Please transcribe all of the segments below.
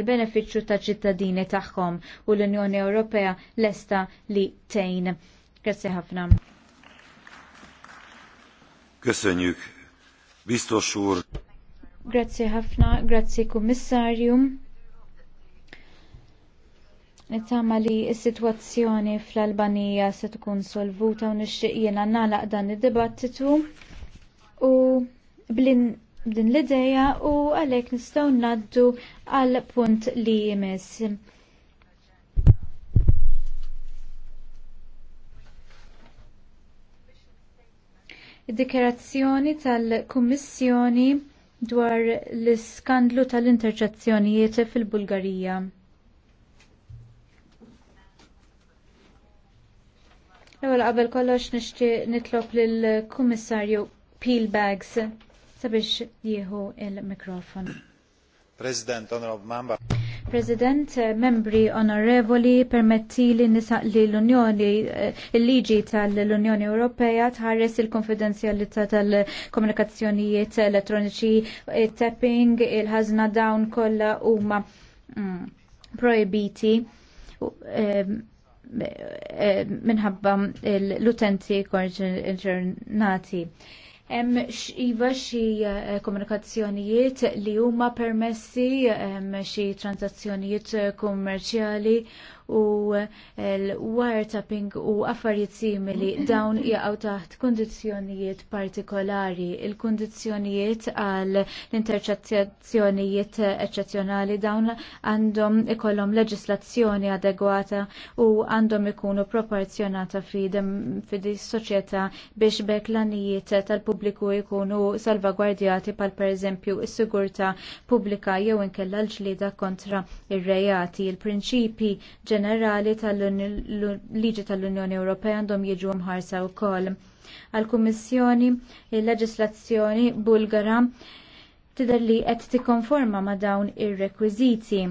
l benefiċċju ta' ċittadini tagħhom u l-Unjoni Ewropea lesta li tejn. Grazzi ħafna. Köszönjük, biztos úr. Grazzi ħafna, grazzi kummissarju. Nittama li s-situazzjoni fl-Albanija se tkun solvuta u nixtieq jiena nagħlaq dan id-dibattitu u blin din l-ideja u għalhekk nistgħu naddu għal punt li jmiss. Id-dikerazzjoni tal-Kummissjoni dwar l-iskandlu tal-interċazzjonijiet fil-Bulgarija. l qabel kollox nixtieq nitlob lill-Kummissarju Peelbags sabiex jieħu il-mikrofon. President, Honorable Member. President, eh, membri onorevoli, permetti li nisaq li l-Unjoni, eh, il-liġi tal-Unjoni Ewropea tħares il-konfidenzjalità tal-komunikazzjonijiet elettroniċi, eh, tapping, il-ħazna dawn kollha huma ma mm, projbiti minħabba l-utenti konġernati. Hemm iva xi eh, komunikazzjonijiet li huma permessi eh, hemm xi transazzjonijiet eh, kummerċjali u l-wiretapping u affarijiet simili dawn jaqgħu taħt kundizzjonijiet partikolari. Il-kundizzjonijiet għal l interċazzjonijiet eċċezzjonali dawn għandhom ikollhom leġislazzjoni adegwata u għandhom ikunu proporzjonata fidi soċjetà biex bekk l għanijiet tal-pubbliku jkunu salvagwardjati pal pereżempju is-sigurtà pubblika jew inkella l-ġlieda kontra ir-rejati. Il-prinċipi ġenerali tal-liġi tal-Unjoni Ewropea għandhom jiġu mħarsa wkoll. Għall-Kummissjoni il-leġislazzjoni Bulgara tidher li qed tikkonforma ma' dawn ir-rekwiżiti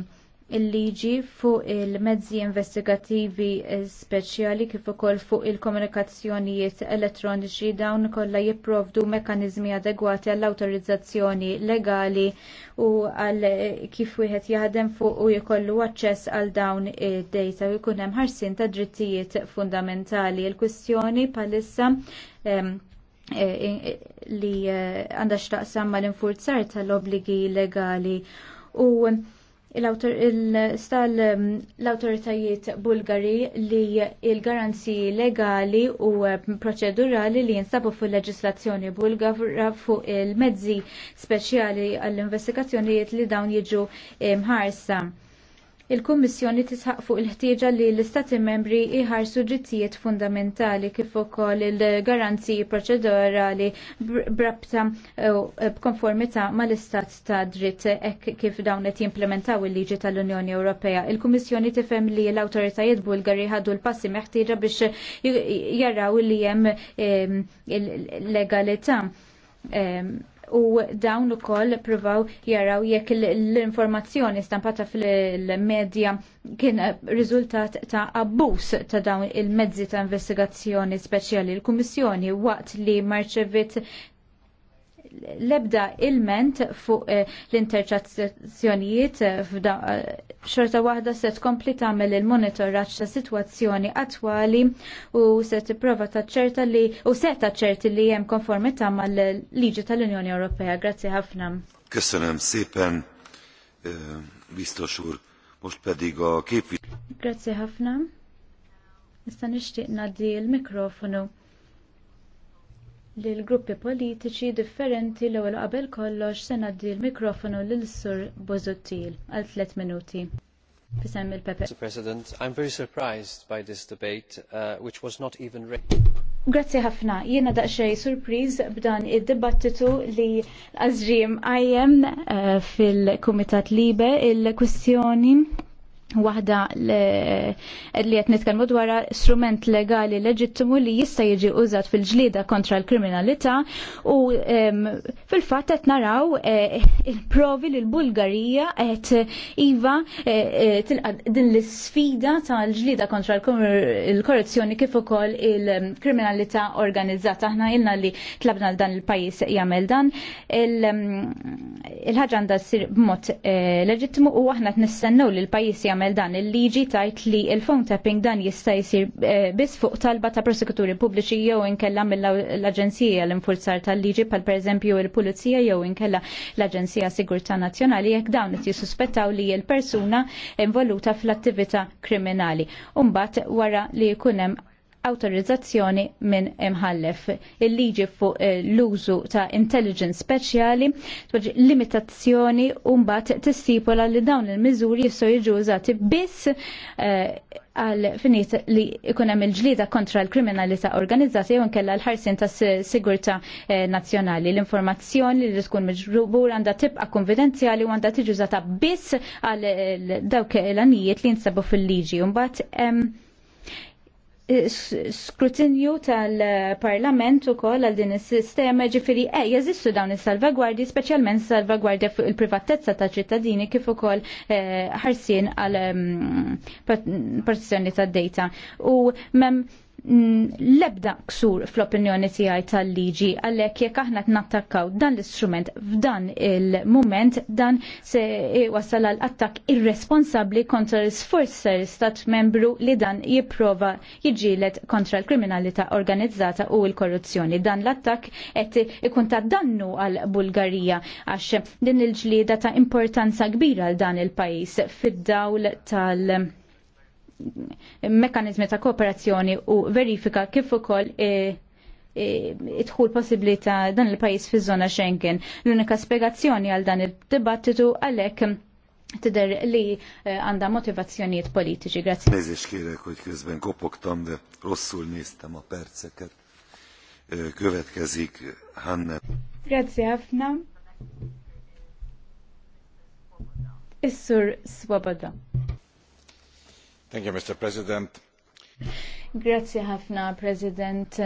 il-liġi fuq il-mezzi investigattivi speċjali kif ukoll fuq il-komunikazzjonijiet elettroniċi dawn kollha jipprovdu mekkaniżmi adegwati għall awtorizzazzjoni legali u għal kif wieħed jaħdem fuq u jkollu aċċess għal dawn id-data u jkun hemm ħarsien ta' drittijiet fundamentali. Il-kwistjoni bħalissa e, e, li e, għandha x'taqsam mal-infurzar tal obbligi legali u Um, l-autoritajiet bulgari li il-garanziji legali u um, proċedurali li jinsabu fuq leġislazzjoni bulgara fuq il-mezzi speċjali għall-investigazzjonijiet li dawn jiġu mħarsa. Um, Il-Kummissjoni tisħaq fuq il-ħtieġa li l-Istati membri iħarsu drittijiet fundamentali kif ukoll il-garanziji proċedurali brabta e, b'konformità mal-istat ta' dritt kif dawn qed jimplementaw il-liġi tal-Unjoni Ewropea. Il-Kummissjoni tifhem li l-awtoritajiet Bulgari ħadu l-passi meħtieġa biex jaraw li hemm legalità u dawn ukoll provaw jaraw jekk l-informazzjoni stampata fil-medja kien riżultat ta' abbuż ta' dawn il-mezzi ta' investigazzjoni speċjali l-Kummissjoni waqt li marċevit l-ebda ilment fuq eh, l-interċazzjonijiet eh, f'da eh, xorta waħda se tkompli tagħmel il-monitoraġġ ta' sitwazzjoni attwali u se tipprova taċċerta li u se taċċerti li hemm konformità mal-liġi tal-Unjoni Ewropea. Grazzi ħafna. Kessanem szépen, visto xur mux pediga a Grazie ħafna. Nista' nixtieq ngħaddi l-mikrofonu li l-gruppi politiċi differenti l ewwel qabel kollox se ngħaddi l-mikrofonu lil sur Bozuttil għal tliet minuti. Mr. President, I'm very surprised by this debate, uh, which was not even Grazzi ħafna, jiena daqxej surpriż b'dan id-dibattitu li l-azrim għajjem uh, fil-Kumitat Libe il-kwistjoni waħda li qed nitkellmu dwarha strument legali leġittimu li jista' jiġi użat fil ġlieda kontra l-kriminalità u fil-fatt qed naraw eh, il-provi li l-Bulgarija qed iva eh, eh, tilqad din l-isfida tal ġlieda kontra l-korruzzjoni kif ukoll il-kriminalità organizzata. Aħna ilna li tlabna dan il-pajjiż jagħmel dan il-ħaġa għandha ssir b'mod leġittimu u aħna qed nistennew li l-pajjiż jagħmel jagħmel dan il-liġi tajt li il-phone tapping dan jista' jsir eh, biss fuq talba ta' prosekuturi pubbliċi jew inkella mill-Aġenzija l-infurzar tal-liġi pal pereżempju il-Pulizija jew inkella l-Aġenzija Sigurtà Nazzjonali jekk dawn qed jissuspettaw li l-persuna involuta fl-attività kriminali. Umbagħad wara li jkun hemm autorizzazzjoni minn imħallef. Il-liġi fuq eh, l-użu ta' intelligence speċjali limitazzjoni u mbagħad tistipula li dawn il-miżuri jistgħu jiġu użati biss eh, għal finit li ikunem hemm il-ġlida kontra l-kriminalità organizzata jew kella l-ħarsin ta' sigurtà eh, nazzjonali. L-informazzjoni li tkun miġrubur għandha tibqa' konfidenzjali u għandha tiġi użata biss għal dawk l-anijiet li jinsabu fil-liġi. Mbagħad skrutinju tal-parlament u koll għal din is-sistema ġifiri e eh, jeżistu dawn is-salvagwardji, speċjalment salvagwardja fuq il-privatezza ta' ċittadini kif ukoll eh, ħarsien għal mm, protezzjoni tad-data. U mem Mm, lebda ksur fl-opinjoni tiegħi tal-liġi għalhekk jekk aħna nattakkaw dan l-istrument f'dan il-mument dan se wasal għal attakk irresponsabbli kontra l-sforzer stat membru li dan jipprova jiġilet kontra l-kriminalità organizzata u l-korruzzjoni. Dan l-attakk qed ikun ta' dannu għal Bulgarija għax din il-ġlieda ta' importanza kbira għal dan il-pajjiż fid-dawl tal- mekanizmi ta' kooperazzjoni u verifika kif ukoll e, e, idħul possibbli ta' dan il-pajis fi żona Schengen. L-unika spiegazzjoni għal dan il-dibattitu għalhekk tider li e, għandha motivazzjonijiet politiċi. Grazie. Nézést kérek, hogy közben kopogtam, de rosszul néztem a perceket. Következik Hanna. Grazie ħafna. Issur Swaboda. Swoboda. Thank you, Mr. President. Grazie ħafna, President.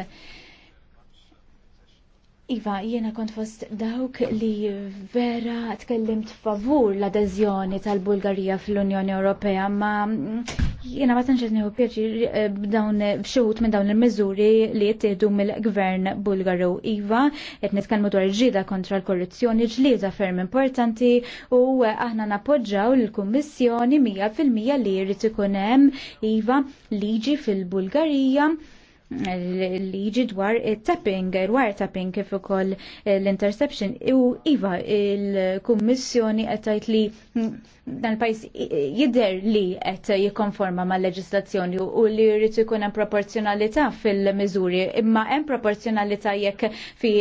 Iva, jiena kont fost dawk li vera tkellimt favur l-adeżjoni tal-Bulgarija fl-Unjoni Ewropea, ma jiena ma tanċet nieħu pjaċi eh, b'dawn b'xut minn dawn il-miżuri li jittieħdu mill-Gvern Bulgaru. Iva, qed nitkellmu dwar ġida kontra l-korruzzjoni ġlieda ferm importanti u aħna nappoġġaw l-Kummissjoni mija fil-mija li jrid ikun hemm iva liġi fil-Bulgarija li jiġi dwar tapping, dwar tapping kif ukoll l-interception u iva il-kummissjoni qed tgħid li dan il-pajjiż jidher li qed jikkonforma mal-leġislazzjoni u li jrid ikun hemm proporzjonalità fil-miżuri imma hemm proporzjonalità jekk fi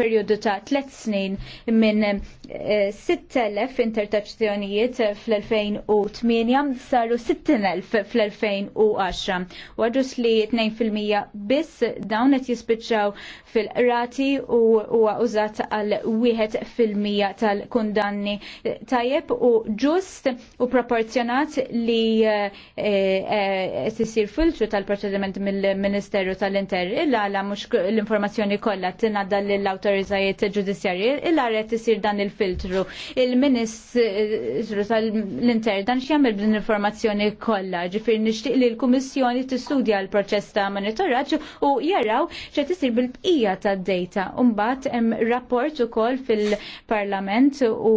perjodu ta' tliet snin minn 6000 eh, intercepzzjonijiet fl-2008 saru 6000 fl-2010 u għadus li 2% biss dawn qed jispiċċaw fil-rati u huwa użat għal wieħed fil-mija tal-kundanni tajjeb u ġust u proporzjonat li tisir eh, eh, filtru tal-proċediment mill-Ministeru tal-Inter il-għala mhux l-informazzjoni kollha tingħadda lill-awtoritajiet ġudizzjarji illa qed isir dan il-filtru. Il-Ministru tal-Inter dan x'jagħmel bl-informazzjoni kollha, ġifier nixtieq li l-Kummissjoni tistudja l-proċess ta' monitor monitoraġġ u jaraw xa tisir bil-bqija tad-data. Umbat hemm rapport ukoll fil-Parlament u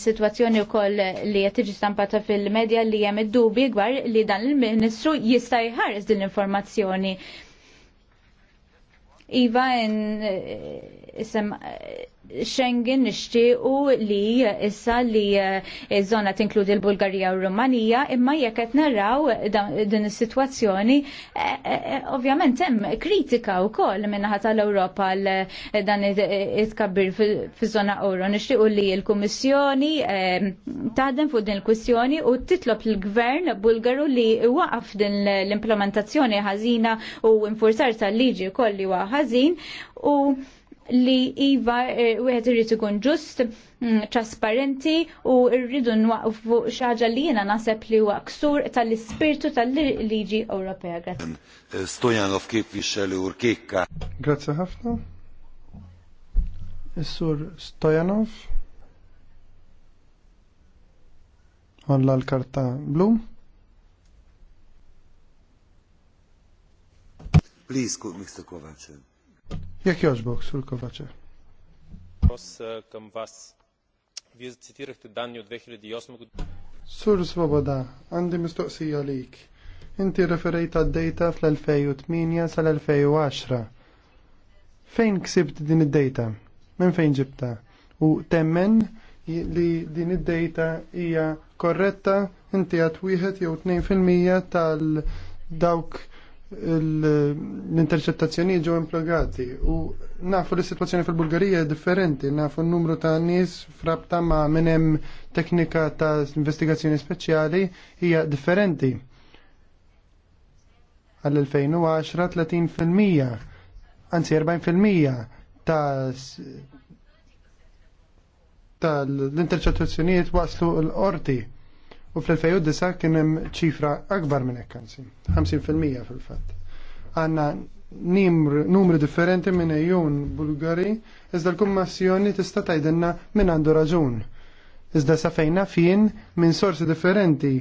situazzjoni u koll li jattiġi stampata fil-medja li jem id-dubi gwar li dan il-ministru jista' jħares din l-informazzjoni. Iva, eh, isem eh, Schengen nixtiequ li issa li eh, żona tinkludi l-Bulgarija u Rumanija, imma jekk qed naraw din is-sitwazzjoni, eh, eh, ovvjament hemm kritika wkoll minnaħa tal-Ewropa l dan it-tkabbir fiż-żona euro. Nixtiequ li l-Kummissjoni taħdem fuq din il-kwistjoni u titlob l-Gvern Bulgaru li waqaf din l-implementazzjoni ħażina u infurzar tal-liġi kolli huwa ħażin u li iva u eh, għed irid ikun ġust, mm, trasparenti u rridu nwaqfu xaġa li jena naħseb li huwa ksur tal-ispirtu tal-liġi Ewropea. Grazzi. Eh, Stojanov képviselő úr kékká. Grazie ħafna. Is-sur Stojanov. Għalla l-karta blu. Please, Mr. Kovács. Jekk jogħġbok, Sur Kovaċe. Eh, Sur Svoboda, għandi mistoqsija lik. Inti referejt għad-data fl-2008 sal-2010. Fejn ksibt din id-data? Minn fejn ġibta? U temmen li din id-data hija korretta inti għat wieħed jew 2% tal-dawk l-intercettazzjoni ġew implogati u nafu li situazzjoni fil-Bulgarija differenti, nafu n-numru ta' nies frabta ma' minn hemm teknika ta' investigazzjoni speċjali hija differenti. Għall-2010 30% anzi 40% ta' l intercettazzjonijiet waslu l-qorti U fl-2009 kien hemm ċifra akbar minn hekk anzi, 50% fil-fatt. Għandna numri differenti minn ejjun Bulgari, iżda l-kummissjoni tista' tgħidilna min għandu raġun. Iżda sa fejna fien minn sorsi differenti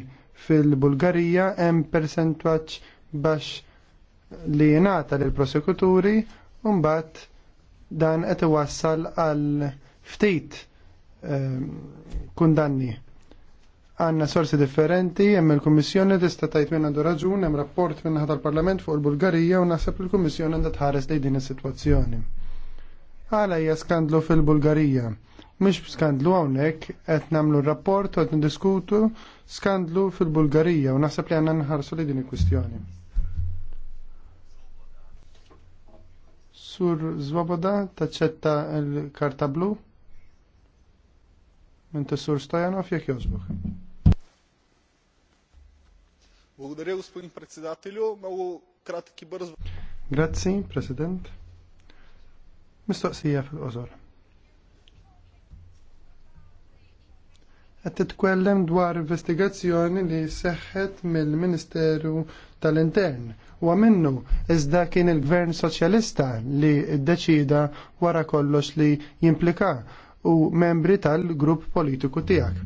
fil-Bulgarija hemm persentwaġġ baxx li jingħata lill prosekuturi u mbagħad dan qed iwassal għal ftit ehm, kundanni għanna sorsi differenti, hemm il-Kummissjoni tista' tajt minn għandu raġun, hemm rapport minn tal-Parlament fuq il-Bulgarija u naħseb il-Kummissjoni għandha tħares lejn din is-sitwazzjoni. Għala hija skandlu fil-Bulgarija. Mhix skandlu hawnhekk qed nagħmlu rapport u qed ndiskutu skandlu fil-Bulgarija u naħseb li għandna nħarsu li din il-kwistjoni. Sur Zwaboda taċċetta l-karta blu? Minn tessur stajanov jek jozbuk. Благодаря, господин Mistoqsija fil-qosor. Qed titkellem dwar investigazzjoni li seħħet mill-Ministeru tal-Intern u minnu iżda kien il-Gvern Soċjalista li ddeċida wara kollox li jimplika u membri tal-grupp politiku tiegħek.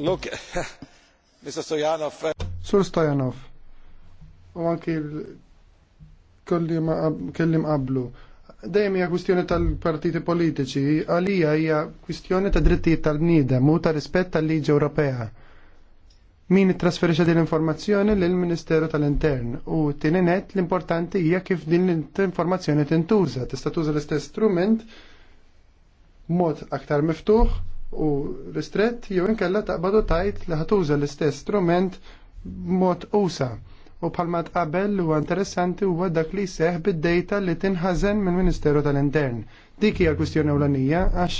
Look, Mr. Stoyanov. Uh, Sur Stojanov, u anki kellim qablu. Dejjem hija kwistjoni tal-partiti politiċi, għalija hija kwistjoni ta' drittijiet tal-bniedem u ta' rispett tal-liġi Ewropea. Min trasferisce din l-informazzjoni lill ministeru tal-Intern u tieni net l-importanti hija kif din l-informazzjoni tintuża. Tista' tuża l-istess strument mod aktar miftuħ u l-istret jew inkella taqbadu tajt li ħatuża l-istess strument b'mod usa u bħalma tqabel huwa interessanti huwa dak li seħ bid-dejta li tinħażen mill-Ministeru tal-Intern. Dik hija kwistjoni ewlenija għax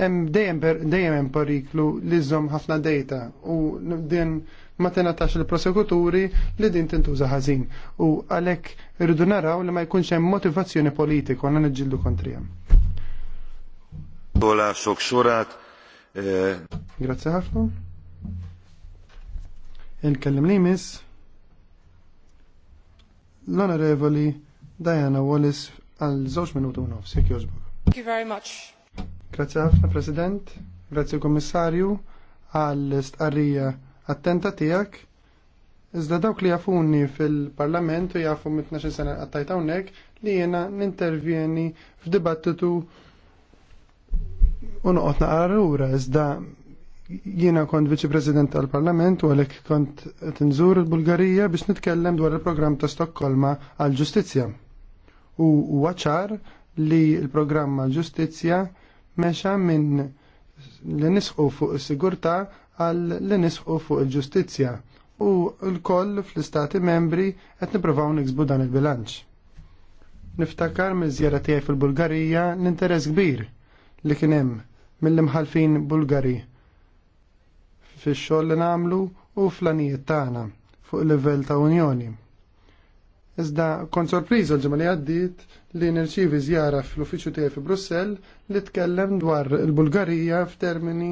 hemm dejjem hemm periklu li żżomm ħafna dejta u din ma tingħatax il-prosekuturi li din tintuża ħażin u għalhekk irridu naraw li ma jkunx hemm motivazzjoni politika għandna niġġieldu kontrihom. Bola sok surat Eh, grazie ħafna. Il-kellim li miss l-onorevoli Diana Wallis għal żewġ minuti u nofs, jekk Thank you very much. Grazie ħafna President, grazie Kommissarju għal istqarrija attenta tiegħek. Iżda dawk li jafuni fil-Parlament u jafu mit-12 sena għattajt li jiena nintervjeni f'dibattitu unqot naqra lura iżda jiena kont viċi President tal-Parlament u għalhekk kont tinżur il-Bulgarija biex nitkellem dwar il-programm ta' Stokkolma għall-Ġustizzja. U waċar li l-programm għall-Ġustizzja mexa minn li nisħu fuq is-sigurtà għal li nisħu fuq il-ġustizzja u l-koll fl-istati membri qed nippruvaw niksbu dan il-bilanċ. Niftakar miż-żjara tiegħi fil-Bulgarija l-interess kbir li kien hemm mill-imħalfin Bulgari fix-xogħol li nagħmlu u fl għanijiet tagħna fuq il livell ta' Unjoni. Iżda kont sorpriża l-ġimgħa li għaddiet li nirċievi żjara fl-uffiċċju tiegħi fi Brussell li tkellem dwar il-Bulgarija f'termini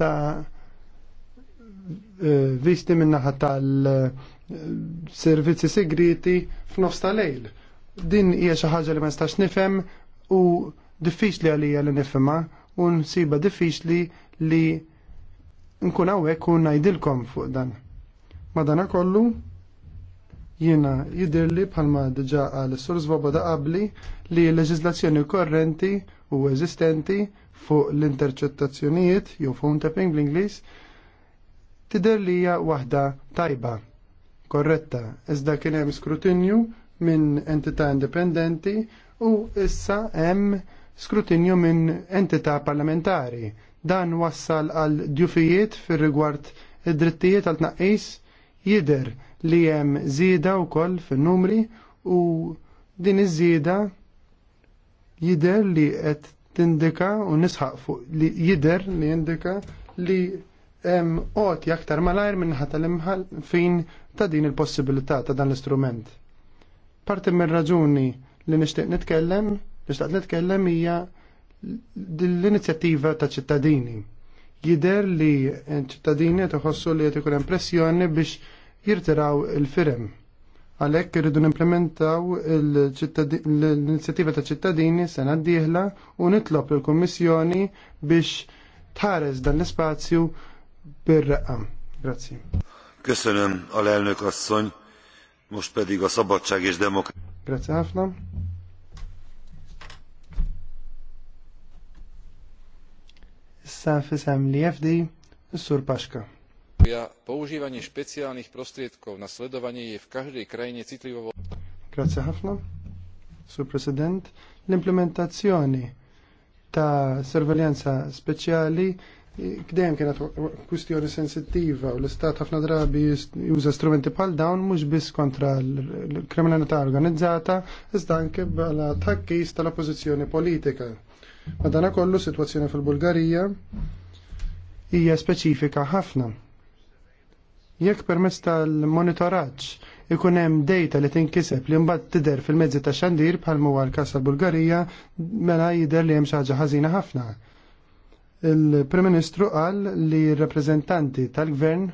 ta' eh, visti min-naħa tal-servizzi segreti f'nofs ta' lejl. Din hija xi ħaġa li ma nistax nifhem u diffiċli għalija li nifema u nsiba diffiċli li nkun hawnhekk u ngħidilkom fuq dan. Madana kollu jiena jidirli bħalma dġa għal sur da qabli li l-leġiżlazzjoni korrenti u eżistenti fuq l-interċettazzjonijiet jew fuq tapping bl-Ingliż tidher li hija waħda tajba, korretta, iżda kien hemm skrutinju minn entità indipendenti u issa hemm skrutinju minn entità parlamentari. Dan wassal għal djufijiet fir rigward id-drittijiet għal tnaqqis jider li hemm żieda wkoll fin-numri u din iż-żieda jider li qed tindika u nisħaq fuq li jider li jindika li hemm qoti aktar malajr minnħata l-imħal fin ta' din il-possibilità ta' dan l-istrument. Parti mir raġuni li nixtieq nitkellem li xtaqt nitkellem hija l-inizjattiva ta' ċittadini. Jider li ċittadini tħossu li qed ikun impressjoni biex jirtiraw il-firem. Għalhekk irridu nimplementaw l-inizjattiva ta' ċittadini sena d-dieħla u nitlob il-Kummissjoni biex tħares dan l-ispazju bir-raqqa. Grazzi. Köszönöm, alelnök asszony, most pedig a szabadság és demokrácia. Grazie ħafna. Issa fisem li FD, Ja, sur Používanie špeciálnych prostriedkov na sledovanie je v každej krajine citlivo... Grazie ħafna. Sur President, l-implementazzjoni ta' sorveljanza speċjali Kdejjem kienet kwistjoni sensitiva u l-istat ħafna drabi juża strumenti bħal dawn mhux biss kontra l-kriminalità organizzata, iżda anke bħala takkis tal-oppożizzjoni politika kollu situazzjoni fil-Bulgarija hija speċifika ħafna. Jekk permezz tal-monitoraġġ ikun hemm data li tinkiseb li mbagħad tidher fil-mezzi ta' xandir bħal huwa l-każ tal-Bulgarija mela jidher li hemm xi ħaġa ħażina ħafna. Il-Prim Ministru qal li r-rappreżentanti tal-Gvern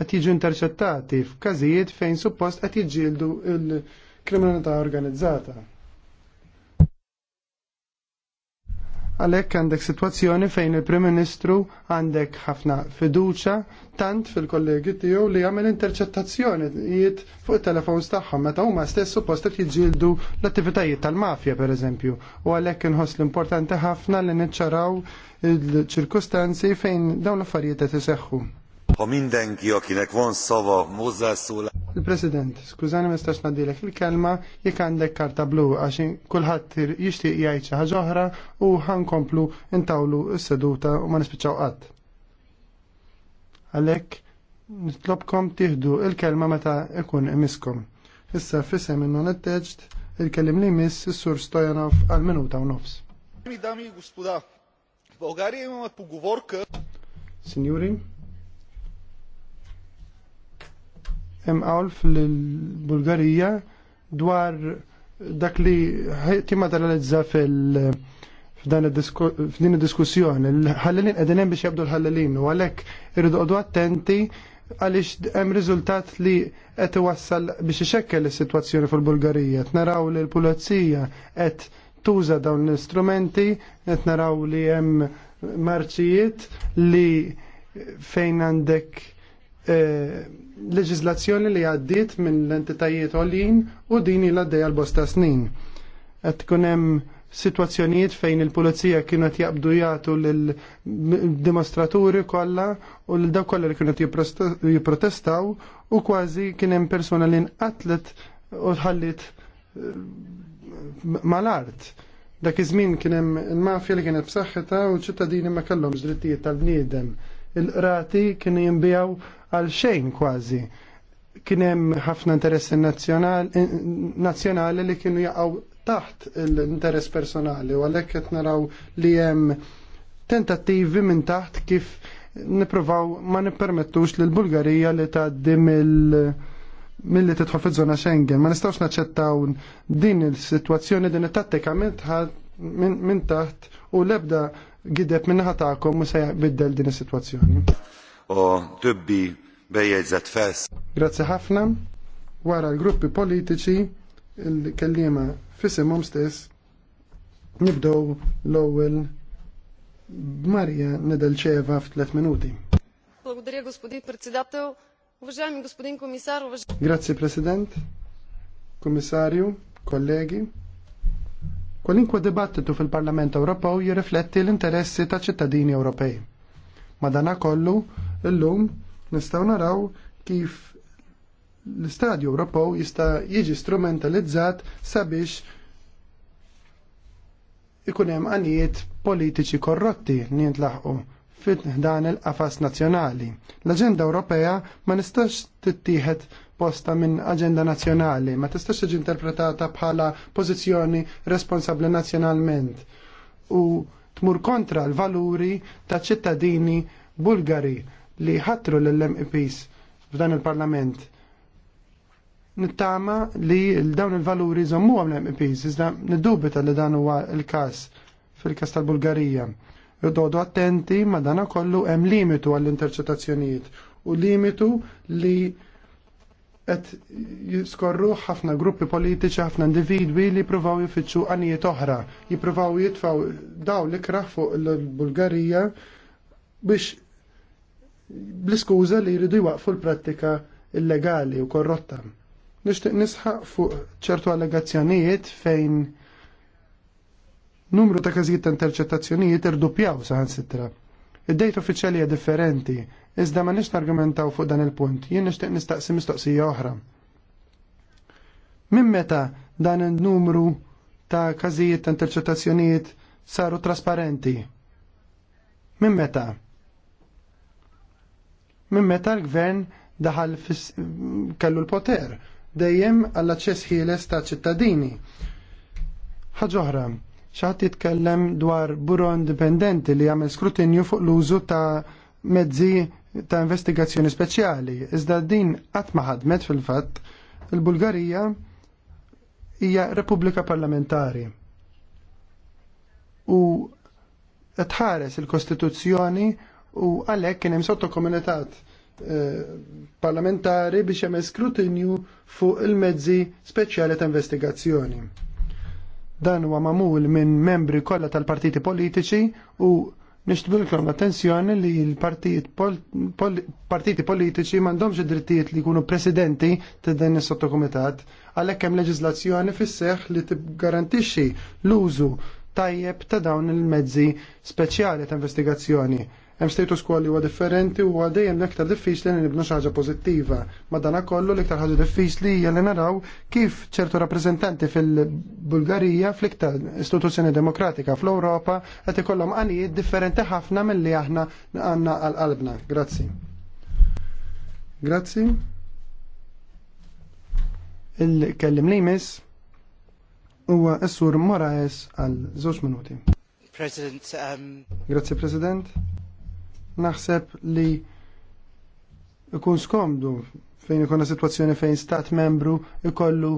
qed jiġu interċettati f'każijiet fejn suppost qed jiġġieldu l-kriminalità organizzata. Għalhekk għandek sitwazzjoni fejn il-Prim Ministru għandek ħafna fiduċa tant fil-kollegi tiegħu li jagħmel interċettazzjoni jiet fuq it-telefons tagħhom meta huma stess suppost qed jiġġieldu l-attivitajiet tal-mafja pereżempju. U għalhekk inħoss l-importanti ħafna li niċċaraw il-ċirkustanzi fejn dawn l-affarijiet qed iseħħu mindenki, akinek van szava, Il-President, skużani ma stax nadilek il-kelma, jek għandek karta blu għaxin kullħat jishtiq jgħid xi ħaġa oħra u ħankomplu intawlu s-seduta u ma nispiċċaw qatt. Għalhekk nitlobkom tieħdu il-kelma meta ikun imiskom. Issa fisem innon atteġt il-kelim li miss is-sur Stojanov għal minuta u nofs. Signori, imqawl fil-Bulgarija dwar dak li ħajti materializza fil- f'din id-diskussjoni. L-ħallelin qegħdin hemm biex jabdu l-ħallelin u għalhekk irridu qogħdu attenti għaliex hemm riżultat li qed iwassal biex ixekkel is-sitwazzjoni fil-Bulgarija. Naraw li l-pulizija qed tuża dawn l-istrumenti, qed naraw li hemm marċijiet li fejn għandek Eh, leġizlazzjoni li għaddiet minn l-entitajiet għolin u din l għaddej għal-bosta snin. Għed kunem situazzjoniet fejn il-pulizija kienu jaqbdu jgħatu l-dimostraturi kolla u l-daw kolla li kienu jiprotestaw u kważi kienem persona li nqatlet u tħallit eh, mal-art. Dak iż-żmien kien hemm il-mafja li kienet b'saħħitha u ċittadini ma kellhomx drittijiet tal-bniedem il-qrati kienu jimbijaw għal xejn kważi. Kien hemm ħafna interess nazzjonali li kienu jaqgħu taħt l-interess personali u għalhekk qed naraw li hemm tentattivi minn taħt kif nippruvaw ma nippermettux lill bulgarija li tgħaddi mill milli tidħol fil żona Schengen. Ma nistawx naċċettaw din is-sitwazzjoni din it-tattika minn taħt u l-ebda għidet minna tagħkom u se biddel din is-sitwazzjoni. U tibbi bejjeżet fess. Grazzi ħafna. Wara l-gruppi politiċi il-kellima fissimum stess nibdow l ewel Marija Nedelċeva f'tlet minuti. Благодаря, господин председател. Уважаеми господин комисар, уважаеми... Grazie, президент, комисарю, колеги. Kwalinkwa dibattitu fil-Parlament Ewropew jirrifletti l-interessi ta' ċittadini Ewropej. Madana kollu, illum nistgħu naraw kif l-Istadju Ewropew jista' jiġi strumentalizzat sabiex ikun hemm għanijiet politiċi korrotti li jintlaħqu fit dan il-qafas nazzjonali. L-Aġenda Ewropea ma nistax tittieħed posta minn aġenda nazzjonali, ma tistax tiġi interpretata bħala pożizzjoni responsabbli nazzjonalment u tmur kontra l-valuri ta' ċittadini Bulgari li ħatru l-MEPs f'dan il-Parlament. Nittama li dawn il-valuri zommu għam l-MEPs, iżda niddubita li dan huwa il-kas fil-kas tal-Bulgarija. Jododu attenti ma dana kollu hemm limitu għall-interċetazzjonijiet u limitu li qed jiskorru ħafna gruppi politiċi, ħafna individwi li provaw jifittxu għanijiet oħra, jippruvaw jitfaw daw li kraħ fuq l-Bulgarija biex bl li jridu jwaqfu l-prattika illegali u korrotta. Nixtieq nisħaq fuq ċertu allegazzjonijiet fejn Numru ta' każijiet ta' interċettazzjonijiet irdupjaw saħansitra. Id-dejt uffiċjali hija differenti, iżda ma nix nargumentaw fuq dan il-punt, jien nixtieq nistaqsi mistoqsija oħra. Min meta dan il-numru ta' każijiet ta' interċettazzjonijiet saru trasparenti? Min meta? Min meta l-gvern daħal kellu l-poter dejjem għall-aċċess ħieles ta' ċittadini. Ħaġoħra, ċaħt titkellem dwar buro indipendenti li għamil skrutinju fuq l-użu ta' mezzi ta' investigazzjoni speċjali. Iżda din qatt ma ħadmet fil-fatt il-Bulgarija hija Repubblika Parlamentari. U tħares il-Kostituzzjoni u għalhekk kien hemm komunitat eh, parlamentari biex jagħmel skrutinju fuq il-mezzi speċjali ta' investigazzjoni. Dan huwa mamul minn membri kollha tal-partiti politiċi u nixtbilkom attenzjoni li l-partiti pol pol politiċi m'għandhomx id-drittijiet li jkunu presidenti ta' dan is-sottokumitat għalhekk hemm leġislazzjoni fis-seħħ li tiggarantixxi l-użu tajjeb ta' dawn il-mezzi speċjali ta' investigazzjoni Hemm status quo li huwa differenti huwa dejjem l iktar diffiċli li nibnu xi ħaġa pożittiva. Madana kollu l-iktar ħaġa diffiċli hija li naraw kif ċertu rappreżentanti fil-Bulgarija fl-iktar istituzzjoni demokratika fl-Ewropa qed ikollhom għanijiet differenti ħafna milli aħna għandna għal qalbna. Grazzi. Grazzi. Il-kellim li jmiss huwa s-sur Moraes għal żewġ minuti. President, um... Grazie President naħseb li ikun skomdu fejn ikun situazzjoni fejn stat membru ikollu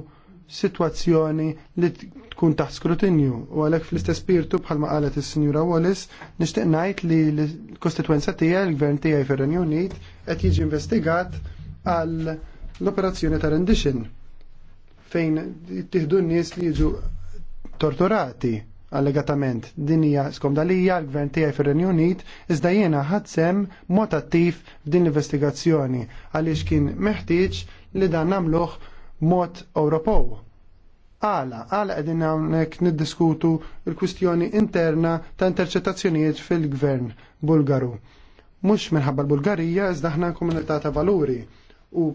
situazzjoni li tkun taħt skrutinju u għalek fl-istess spirtu bħalma qalet is-Sinjura Wallis nixtieq ngħid li l-kostituenza tiegħi l-gvern tiegħi fir-Renju Unit qed jiġi investigat għal l-operazzjoni ta' rendition fejn jittieħdu n-nies li jiġu torturati allegatament. Din hija skomdalija l-gvern tiegħi fir-Renju Unit iżda jiena ħadsem mod attiv f'din l-investigazzjoni għaliex kien meħtieġ li dan nagħmluh mod Ewropew. Għala, għala qegħdin hawnhekk niddiskutu l-kwistjoni interna ta' interċettazzjonijiet fil-gvern Bulgaru. Mhux minħabba l-Bulgarija iżda aħna komunità ta' valuri u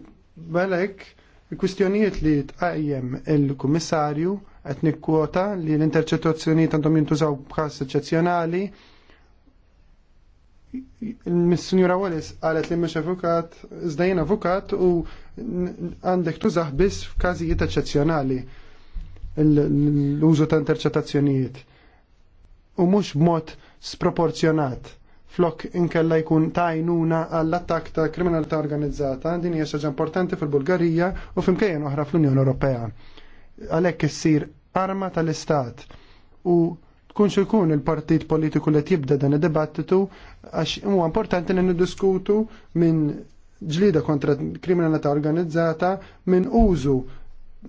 belek il-kwistjonijiet li tqajjem il-kummissarju qed nikkwota li l-interċettazzjonijiet għandhom jintużaw b'każ eċċezzjonali. Mis-Sinjura Wallis qalet li mhux avukat, iżda jien avukat u għandek tużaħ biss f'każijiet eċċezzjonali l-użu ta' interċettazzjonijiet u mhux b'mod sproporzjonat flok inkella jkun tajnuna għall-attak ta' kriminalità organizzata, din hija xaġa importanti fil-Bulgarija u fimkejjen oħra fl-Unjoni Ewropea. Għalhekk issir arma tal-Istat u tkun ikun il-partit politiku li tibda dan id-dibattitu għax huwa importanti li niddiskutu minn ġlida kontra kriminalità organizzata minn użu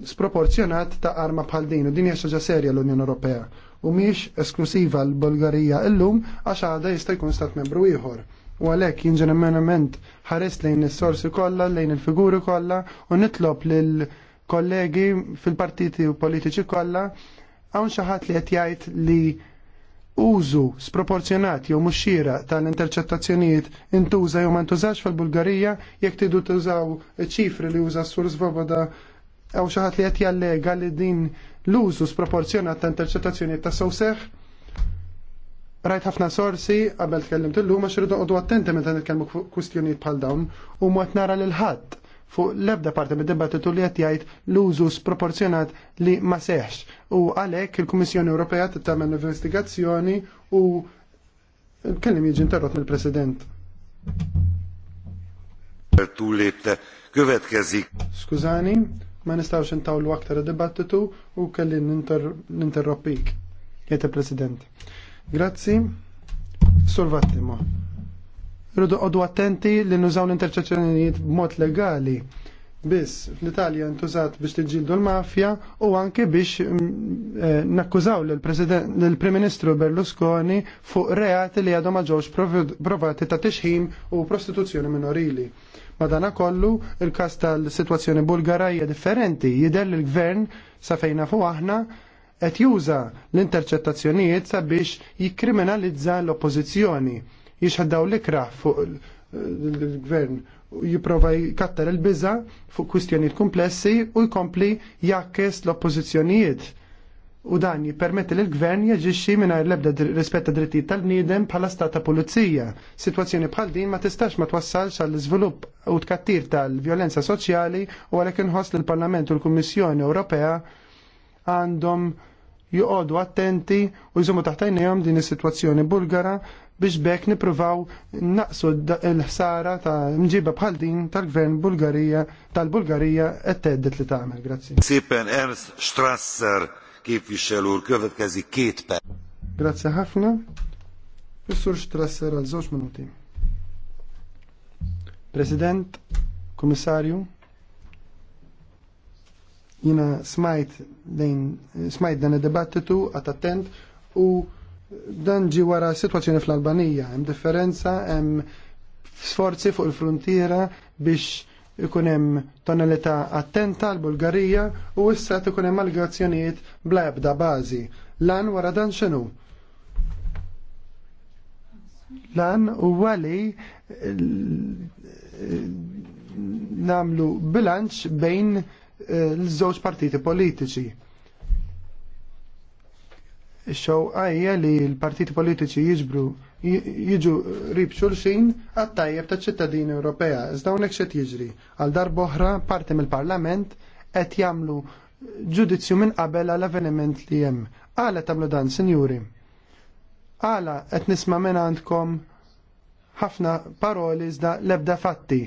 sproporzjonat ta' arma bħal din u din hija ġa serja l-Unjoni Ewropea u mhix esklusiva l-Bulgarija illum għax għada jista' jkun stat membru ieħor. U għalhekk jinġenerament ħares lejn is-sorsi kollha, lejn il-figuri kollha u nitlob lil kollegi fil-partiti u politiċi kollha hawn xi ħadd li qed jgħid li użu sproporzjonat jew mhux tal-interċettazzjonijiet intuża jew ma ntużax fil-Bulgarija jekk tidu tużaw ċifri li uża s-sur Svoboda għaw xaħat li għati għallega li din l-użu sproporzjonat ta' interċettazzjoni ta' sewseħ. Rajt ħafna sorsi, għabel tkellim tillu, ma xridu għoddu attenti meta nitkellmu kwistjoniet bħal dawn, u mwet nara l-ħadd fuq l-ebda parti mid-dibattitu li qed jgħid l-użu sproporzjonat li ma seħx. U għalhekk il-Kummissjoni Ewropea tagħmel investigazzjoni u kellim jiġi interrott mill-President. Skużani, ma nistawx intawlu aktar dibattitu u kelli ninterroppik, jgħid il-President. Grazzi, Solvattimo rridu qodu attenti li nużaw l-interċezzjonijiet b'mod legali. Biss, fl-Italja ntużat biex tiġildu l-mafja u anke biex mm, eh, nakkużaw l-Prim Ministru Berlusconi fuq reati li għadhom ġewx provati ta' tixħim u prostituzzjoni minorili. Madana kollu, il-kas tal-situazzjoni bulgara hija differenti, jidher l-gvern sa fejna fuq aħna qed juża l-interċettazzjonijiet sabiex jikkriminalizza l-oppożizzjoni jixħaddaw l-ikra fuq il-gvern jiprofa jkattar il-biża fuq kwistjonijiet komplessi u jkompli jakkes l-oppożizzjonijiet. U dan jippermetti l gvern jaġixxi mingħajr l-ebda rispetta drittijiet tal-bniedem bħala stata pulizija. Sitwazzjoni bħal din ma tistax ma twassalx għall iżvilupp u tkattir tal-vjolenza soċjali u għalhekk inħoss l parlament u l-Kummissjoni Ewropea għandhom joqogħdu attenti u jżomu taħtajnejhom din is-sitwazzjoni Bulgara biex bekk nipruvaw naqsu l-ħsara ta' mġiba bħal din tal-gvern Bulgarija tal-Bulgarija et tgħeddet li tagħmel. Grazzi. Sipen Ernst Strasser kif jixxelur következik két perc. Grazzi ħafna. Fissur Strasser għal żewġ minuti. President, Komissarju, jina smajt, smajt dan id-debattitu għat attent u dan ġi wara situazzjoni fl-Albanija, hemm differenza, hemm sforzi fuq il-frontiera biex ikun hemm tonalità attenta l bulgarija u issa ikun hemm allegazzjonijiet bla ebda bażi. Lan wara dan x'inhu? Lan huwa li namlu bilanċ bejn eh, l-żewġ partiti politiċi xewqajja li l-partiti politiċi jiġbru jiġu rib xulxin għattajjeb ta' ċittadini Ewropea. Iżda hawnhekk xed jiġri. Għal darboħra parti mill-Parlament qed jagħmlu ġudizzju minn qabel għal avveniment li hemm. Għala tagħmlu dan, sinjuri. Għala qed nisma' minn għandkom ħafna paroli iżda l-ebda fatti.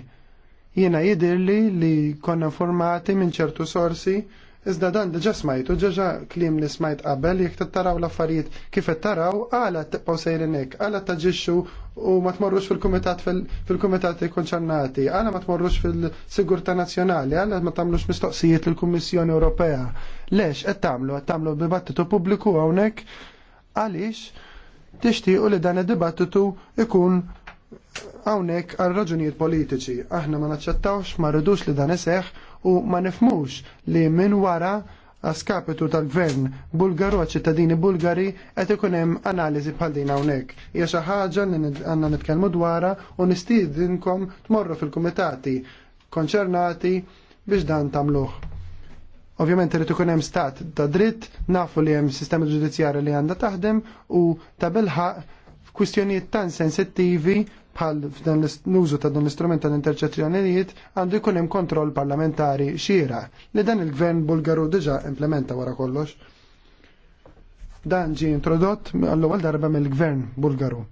Jiena jidirli li konna formati minn ċertu sorsi Iżda dan diġa smajt u ġeġa klim li smajt qabel jek taraw l-affarijiet kif taraw għala tibqaw sejrinek, hekk, għala taġixxu u ma tmorrux fil-kumitat fil-kumitat konċernati, għala ma tmorrux fil-Sigurta Nazzjonali, għala ma tagħmlux mistoqsijiet l kummissjoni Ewropea. Lex qed tagħmlu qed tagħmlu dibattitu pubbliku hawnhekk għaliex tixtiequ li dan id-dibattitu ikun għawnek għal raġunijiet politiċi. Aħna ma naċċettawx, ma rridux li dan iseħ u ma nifmux li minn wara għaskapitu tal-gvern bulgaru ċittadini bulgari qed ikun hemm analiżi bħal din hawnhekk. Hija xi ħaġa li għandna nitkellmu dwara u nistidinkom tmorru fil-kumitati konċernati biex dan tagħmluh. Ovvjament rrit ikun hemm stat ta' dritt, nafu li hemm sistema ġudizzjarja li għandha taħdem u ta' bilħaq f'kwistjonijiet tan sensittivi bħal f'dan l-użu ta' dan l-istrument tal-interċezzjonijiet għandu jkun hemm kontroll parlamentari xira li dan il-gvern Bulgaru diġà implementa wara kollox. Dan ġie introdott għall-ewwel darba mill-gvern Bulgaru.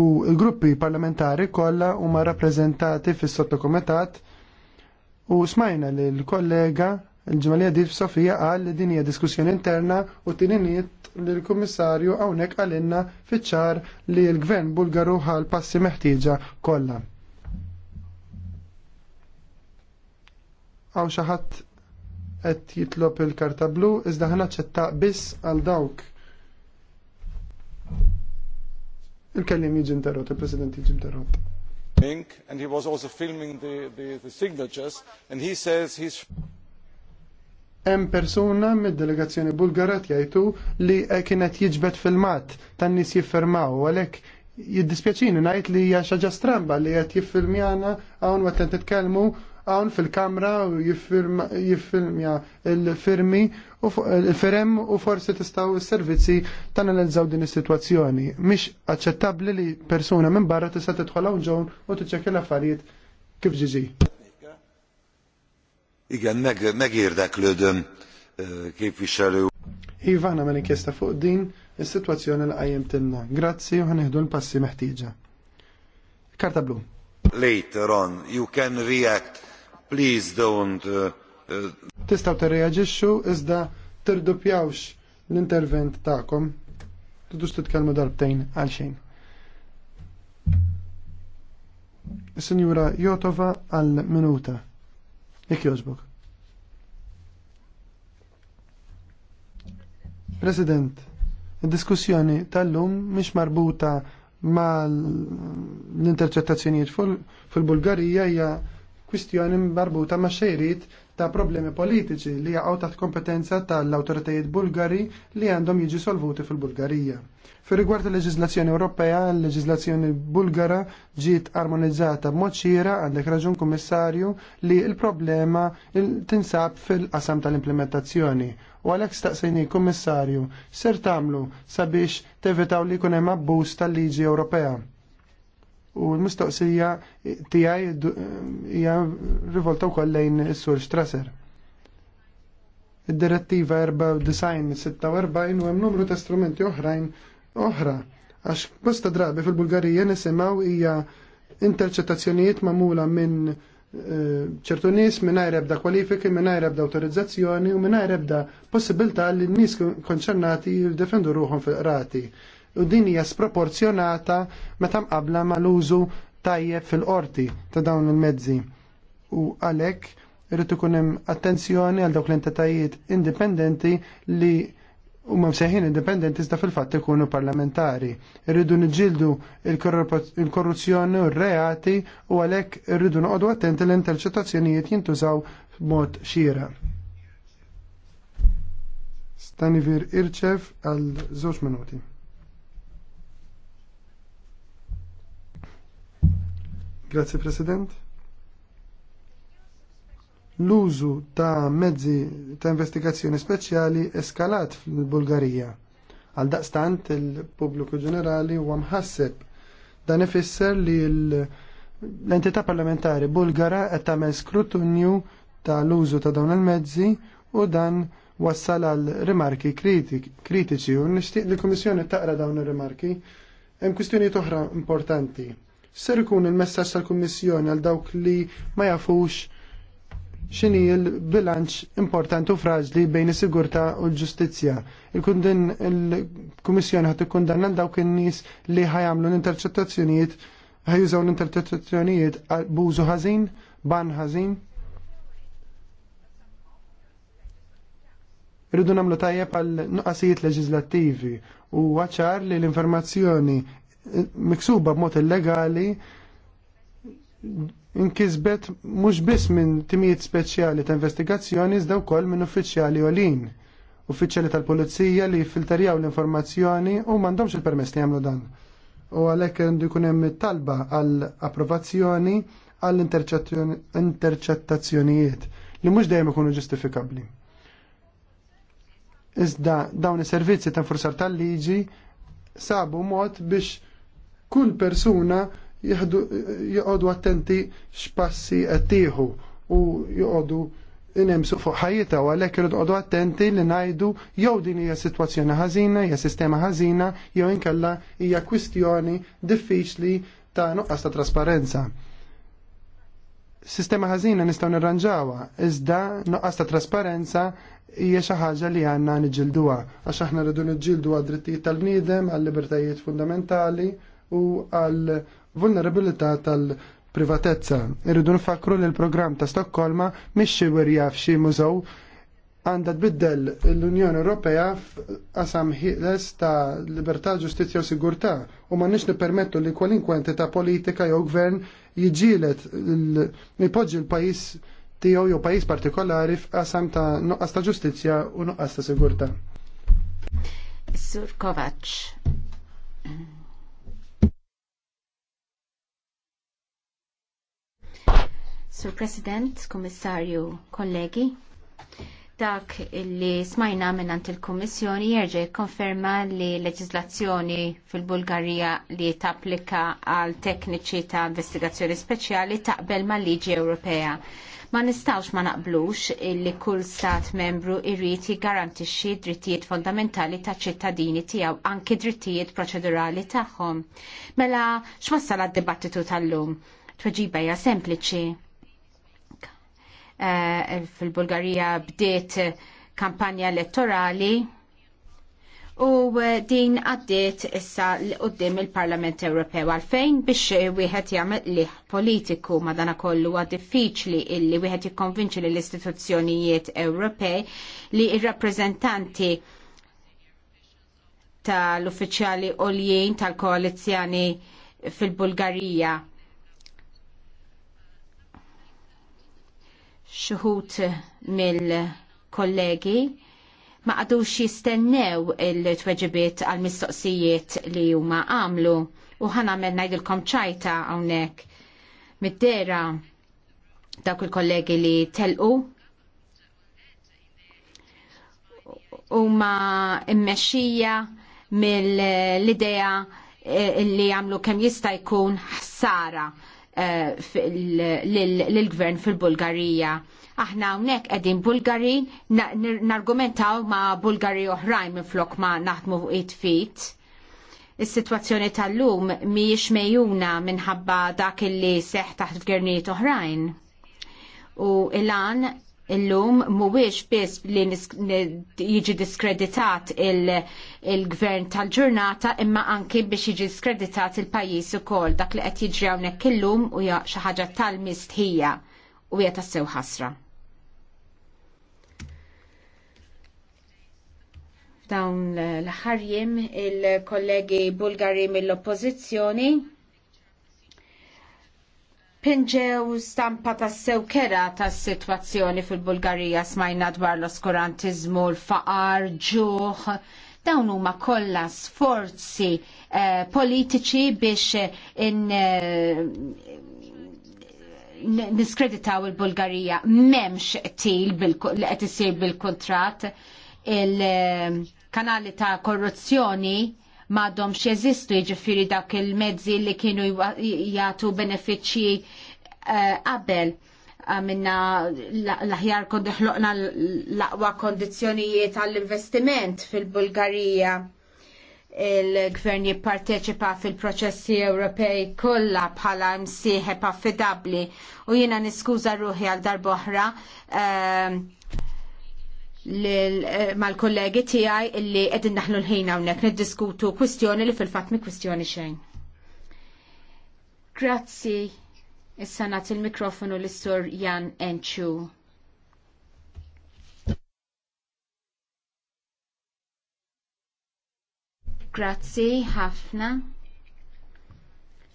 U l-gruppi parlamentari kollha huma rappreżentati fis-sottokumitat u smajna li l-kollega il-ġmalija di f'Sofija qal li din hija diskussjoni interna u tininiet li l-Kummissarju hawnhekk għalinna fiċ-ċar li l-Gvern Bulgaru ħal passi meħtieġa kollha. Għaw xi ħadd qed jitlob il-karta blu iżda ħana ċetta biss għal dawk. Il-kellim jiġi interrot, il-President jiġi interrot. And he was also filming the, the, the signatures, and he says he's hemm persuna mid-delegazzjoni Bulgarat jgħidu li kienet jiġbed filmat tan-nies jiffermaw, għalhekk jiddispjaċini ngħid li hija xi ħaġa stramba li qed jiffilmjana hawn waqt qed titkellmu hawn fil-kamra u jiffilmja l-firmi u l-firem u forsi tistgħu s-servizzi tanalizzaw din is-sitwazzjoni. Mhix aċċettabbli li persuna minn barra tista' tidħol hawn ġewn u tiċċekkja l-affarijiet kif ġiġi. Igen, meg, megérdeklődöm képviselő. Ivan, għamil inkjesta fuq din, il-situazzjoni l-għajem tinna. Grazzi, u għanihdu l-passi meħtieġa. Karta blu. Later on, you can react, please don't... Uh, Tistaw t-reagġiċu, iżda tirdupjawx l-intervent ta'kom. Tudux titkelmu darbtejn għalxejn. Signora Jotova għal minuta. Jekk jogħġbok. President, id-diskussjoni tal-lum mhix marbuta ma l-interċettazzjonijiet fil-Bulgarija hija kwistjoni marbuta ma' xejrit ta' problemi politiċi li jaqgħu taħt kompetenza tal-awtoritajiet Bulgari li għandhom jiġi solvuti fil-Bulgarija. Fi rigward il-leġiżlazzjoni Ewropea, l-leġiżlazzjoni Bulgara ġiet armonizzata b'mod xiera għandek raġun kummissarju li l-problema tinsab fil-qasam tal-implementazzjoni. U għalhekk staqsejni kummissarju ser tagħmlu sabiex tevitaw li jkun hemm abbuż tal-liġi Ewropea U l-mistoqsija tiegħi hija rivolta wkoll lejn is-sur Strasser. Id-direttiva design 46 u hemm numru ta' strumenti oħrajn oħra għax bosta drabi fil-Bulgarija nisimaw hija interċettazzjonijiet ma'mula minn eh, ċertu nies mingħajr ebda kwalifiki, mingħajr ebda autorizzazzjoni u mingħajr ebda possibilità li n-nies konċernati jiddefendu ruħhom fil-qrati u din hija sproporzjonata meta mqabla mal-użu tajjeb fil-qorti ta' dawn il-mezzi. U għalhekk irid ikun hemm attenzjoni għal dawk l-entitajiet indipendenti li huma msejħin indipendenti iżda fil-fatt ikunu parlamentari. Irridu niġġieldu il-korruzzjoni u r-reati u għalhekk irridu noqogħdu attenti l-interċettazzjonijiet jintużaw b'mod xira. Stanivir Irċev għal żewġ minuti. Grazie President. L-użu ta' mezzi ta' investigazzjoni speċjali eskalat fil-Bulgarija. Għal daqstant il-pubbliku ġenerali huwa mħasseb dan ifisser li l-entità parlamentari bulgara qed tagħmel skrutinju ta' l-użu ta' dawn il-mezzi u dan wassal għal rimarki kritiċi u nixtieq li l-Kummissjoni taqra dawn ir-rimarki. Hemm kwistjonijiet oħra importanti ser ikun il-messaġġ tal-Kummissjoni għal dawk li ma jafux xini il-bilanċ importanti u fraġli bejn is-sigurtà u l-ġustizzja. Il-kundin il-Kummissjoni ħat ikkundanna dawk in-nies li ħajamlu l-interċettazzjonijiet ħajużaw l-interċettazzjonijiet bużu ħażin, ban ħażin. Irridu nagħmlu tajjeb għal nuqqasijiet leġislattivi u għaċar li l-informazzjoni miksuba b'mod illegali inkisbet mhux biss minn timijiet speċjali ta' investigazzjoni iżda wkoll minn uffiċjali olin, uffiċjali tal-pulizija li filterjaw l-informazzjoni u m'għandhomx il-permess li jagħmlu dan. U għalhekk għandu jkun hemm talba għall approvazzjoni għall interċettazzjonijiet li mhux dejjem ikunu ġustifikabbli. Iżda dawn is-servizzi ta' forzar tal-liġi sabu mod biex kull persuna joqodu attenti x'passi qed tieħu u joqodu inemsu fuq ħajjita u għalhekk irid qodu attenti li ngħidu jew din hija sitwazzjoni ħażina, hija sistema ħażina, jew inkella hija kwistjoni diffiċli ta' nuqqas ta' trasparenza. Sistema ħażina nistgħu nirranġawha, iżda nuqqas ta' trasparenza hija xi ħaġa li għandna niġilduha għax aħna rridu niġġieldu għad-drittijiet tal-bniedem, għal-libertajiet fundamentali u għal vulnerabilità tal-privatezza. Irridu nfakru li l-programm ta' Stokkolma xi werja f'xi mużew għandha tbiddel l-Unjoni Ewropea f'qasam ħieles ta' libertà, ġustizzja u sigurtà u ma nix nippermettu li kwalinkwe entità politika jew gvern jiġielet jpoġġi l-pajjiż tiegħu jew pajjiż partikolari f'qasam ta' nuqqas ta' ġustizzja u nuqqas ta' sigurtà. Sur Kovac. Sur President, Komissarju, kollegi, dak li smajna minnant il-Kommissjoni jerġa' konferma li leġislazzjoni fil-Bulgarija li tapplika għal tekniċi ta' investigazzjoni speċjali taqbel ma' liġi Ewropea. Ma nistawx ma naqblux li kull stat membru irrid jiggarantixxi drittijiet fondamentali ta' ċittadini tiegħu anki drittijiet proċedurali tagħhom. Mela x'wassal għad-dibattitu tal-lum? Tweġiba hija sempliċi Eh, fil-Bulgarija bdiet kampanja elettorali u eh, din għaddiet issa l qoddim il-Parlament Ewropew għalfejn biex eh, wieħed jagħmel liħ politiku madanakollu kollu huwa diffiċli illi wieħed jikkonvinċi lill istituzzjonijiet Ewropej li ir-rappreżentanti tal-uffiċjali oljien tal-koalizzjoni fil-Bulgarija xuħut mill-kollegi ma għadux jistennew il-tweġibiet għal-mistoqsijiet li huma għamlu u ħana men najdilkom ċajta għawnek mid-dera dawk il-kollegi li telqu u ma immexija mill-idea eh, li għamlu kem jista' jkun ħsara Eh, lill-gvern fil-Bulgarija. Aħna hawnhekk qegħdin Bulgari nargumentaw ma' Bulgari oħrajn minflok ma' naħdmu it-fit. Is-sitwazzjoni tal-lum mhijiex mejjuna minħabba dak illi seħ taħt f'gerniet oħrajn. U ilan illum mhuwiex biss li jiġi diskreditat il-gvern tal-ġurnata imma anki biex jiġi diskreditat il-pajjiż ukoll dak li qed jiġri hawnhekk illum u hija xi ħaġa tal-mistħija u hija tassew ħasra. Dawn l-ħarjim il-kollegi Bulgari mill-Oppożizzjoni pinġew stampa ta' sewkera ta' situazzjoni fil-Bulgarija smajna dwar l-oskurantizmu, l-faqar, ġuħ, dawn huma kollha sforzi eh, politiċi biex eh, in eh, niskreditaw il-Bulgarija memx til li qed isir bil kuntratt il-kanali eh, ta' korruzzjoni madhom xeżistu jiġifieri dak il-mezzi li kienu jagħtu benefiċċji eh, qabel ah, minna l-aħjar kondiħloqna l-aqwa kondizjonijiet għall-investiment fil-Bulgarija il-gvern jipparteċipa fil-proċessi Ewropej kollha bħala msieħeb affidabbli u jiena niskuża ruħi għal darboħra eh, Eh, mal-kollegi tiegħi illi qegħdin naħlu l-ħin hawnhekk niddiskutu kwistjoni li fil-fatt mi kwistjoni xejn. Grazzi. Issa nagħti il-mikrofonu lis sur Jan Enchu. Grazzi ħafna.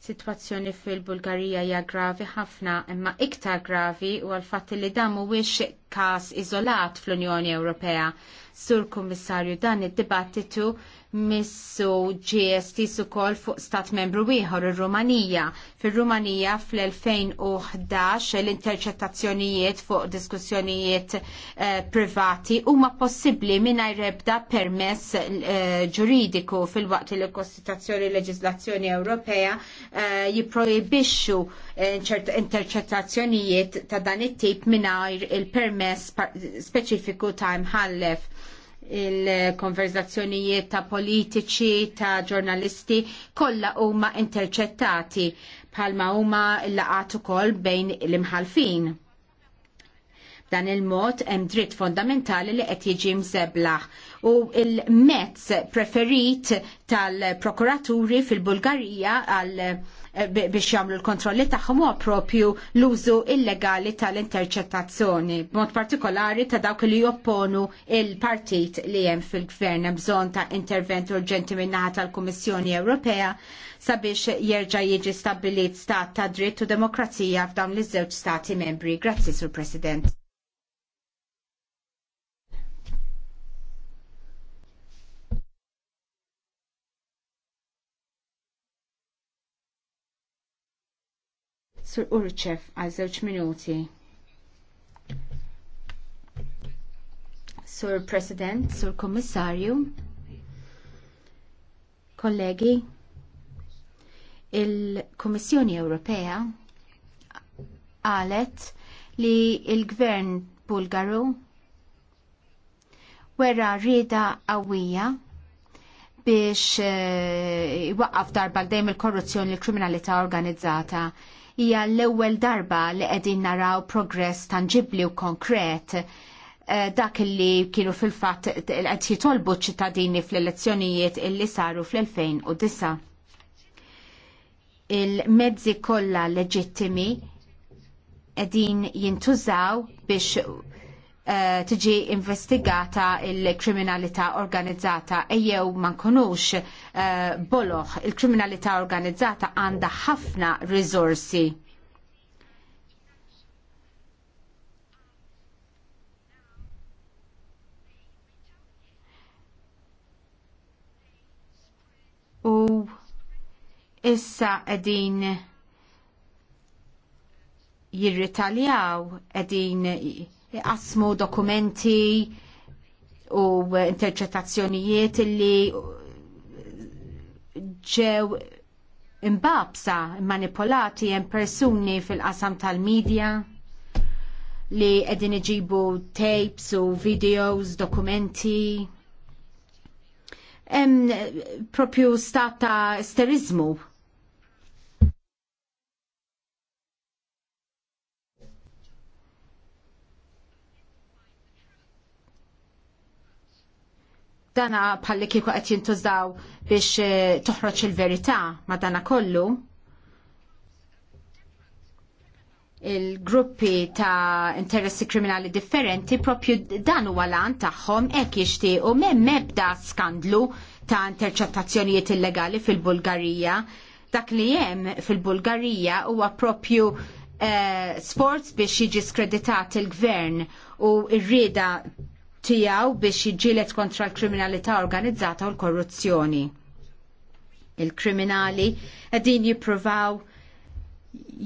Situazzjoni fil-Bulgarija hija gravi ħafna, imma iktar gravi u għal-fatt li dan mhuwiex każ iżolat fl-Unjoni Ewropea. Sur Kummissarju dan id-dibattitu missu GST ukoll fuq stat membru ieħor ir-Rumanija. Fir-Rumanija fl-2011 l-interċettazzjonijiet fuq diskussjonijiet eh, privati huma possibbli mingħajr ebda permess eh, ġuridiku fil-waqt li l-Kostituzzjoni leġislazzjoni Ewropea eh, jipprojbixxu interċettazzjonijiet ta' dan it-tip mingħajr il-permess speċifiku ta' imħallef il-konverzazzjonijiet ta' politiċi, ta' ġurnalisti, kollha huma interċettati bħalma huma laqat ukoll bejn l-imħalfin. Dan il-mod hemm dritt fondamentali li qed jiġi mżeblaħ u il-mezz preferit tal-prokuraturi fil-Bulgarija għal Eh, biex jagħmlu l-kontrolli tagħhom huwa propju l-użu illegali tal-interċettazzjoni, b'mod partikolari ta' dawk li jopponu il-partit li hemm fil-gvern hemm bżonn ta' intervent urġenti min-naħa tal-Kummissjoni Ewropea sabiex jerġa' jiġi stabbilit stat ta' dritt u demokrazija f'dawn l-iż-żewġ stati membri. Grazzi, Sur President. Sur Urċef għal żewġ minuti. Sur President, Sur Kommissarju, kollegi, il-Kommissjoni Ewropea għalet li il-Gvern Bulgaru wera rida qawwija biex eh, iwaqqaf darba dejjem il-korruzzjoni l-kriminalità organizzata hija l-ewwel darba li qegħdin naraw progress tanġibli u konkret eh, dak li kienu fil-fatt qed jitolbu ċittadini fl-elezzjonijiet illi saru fl-2009. Il-mezzi kollha leġittimi qegħdin jintużaw biex Eh, tiġi investigata il-kriminalità organizzata ejjew ma nkunux eh, boloħ il-kriminalità organizzata għandha ħafna risorsi. U issa qegħdin jirritaljaw qegħdin jqasmu dokumenti u interċetazzjonijiet li ġew imbabsa manipolati hemm persuni fil-qasam tal-medja li qegħdin iġibu tapes u videos, dokumenti hemm propju stat ta' dana palli kieku qed jintużaw biex eh, toħroġ il-verità ma dana kollu il-gruppi ta' interessi kriminali differenti propju dan huwa lan tagħhom hekk jixtiequ m'hemm ebda skandlu ta' interċettazzjonijiet illegali fil-Bulgarija. Dak li hemm fil-Bulgarija huwa propju eh, sports biex jiġi skreditat il-gvern u r rieda tijaw biex jġilet kontra l-kriminalità organizzata u l-korruzzjoni. Il-kriminali għedin jipruvaw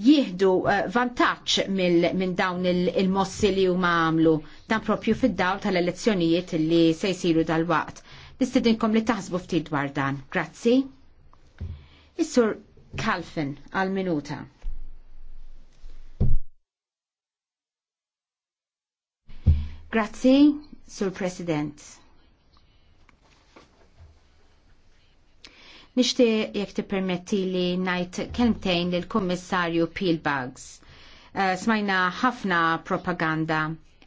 jihdu eh, vantaċ minn dawn il-mossi li huma għamlu dan propju fid-dawl tal-elezzjonijiet li se jsiru dal-waqt. Nistedinkom li taħsbu ftit dwar dan. Grazzi. Is-sur Kalfin għal-minuta. Grazzi. Sur President. Nishti jek ti permetti li najt kelmtejn lil kommissarju Peel Bugs. Eh, smajna ħafna propaganda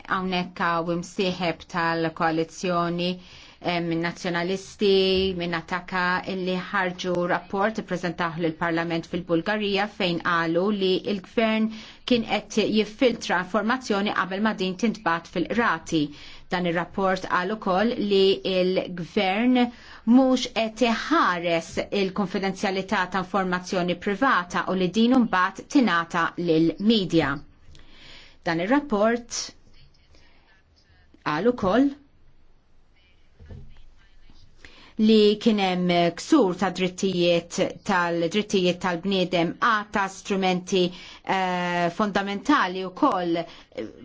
għawnek għaw imsieħeb tal-koalizjoni eh, minn nazjonalisti, minn attaka illi ħarġu rapport ippreżentaħ lill parlament fil-Bulgarija fejn qalu li il-gvern kien qed jiffiltra informazzjoni qabel ma din tintbat fil-qrati Dan ir-rapport għal ukoll li il-gvern mhux qed iħares il-konfidenzjalità ta' informazzjoni privata u li din mbagħad tingħata lill-medja. Dan ir-rapport għal ukoll li kienem ksur ta' drittijiet tal-drittijiet tal-bniedem għata strumenti eh, fondamentali u koll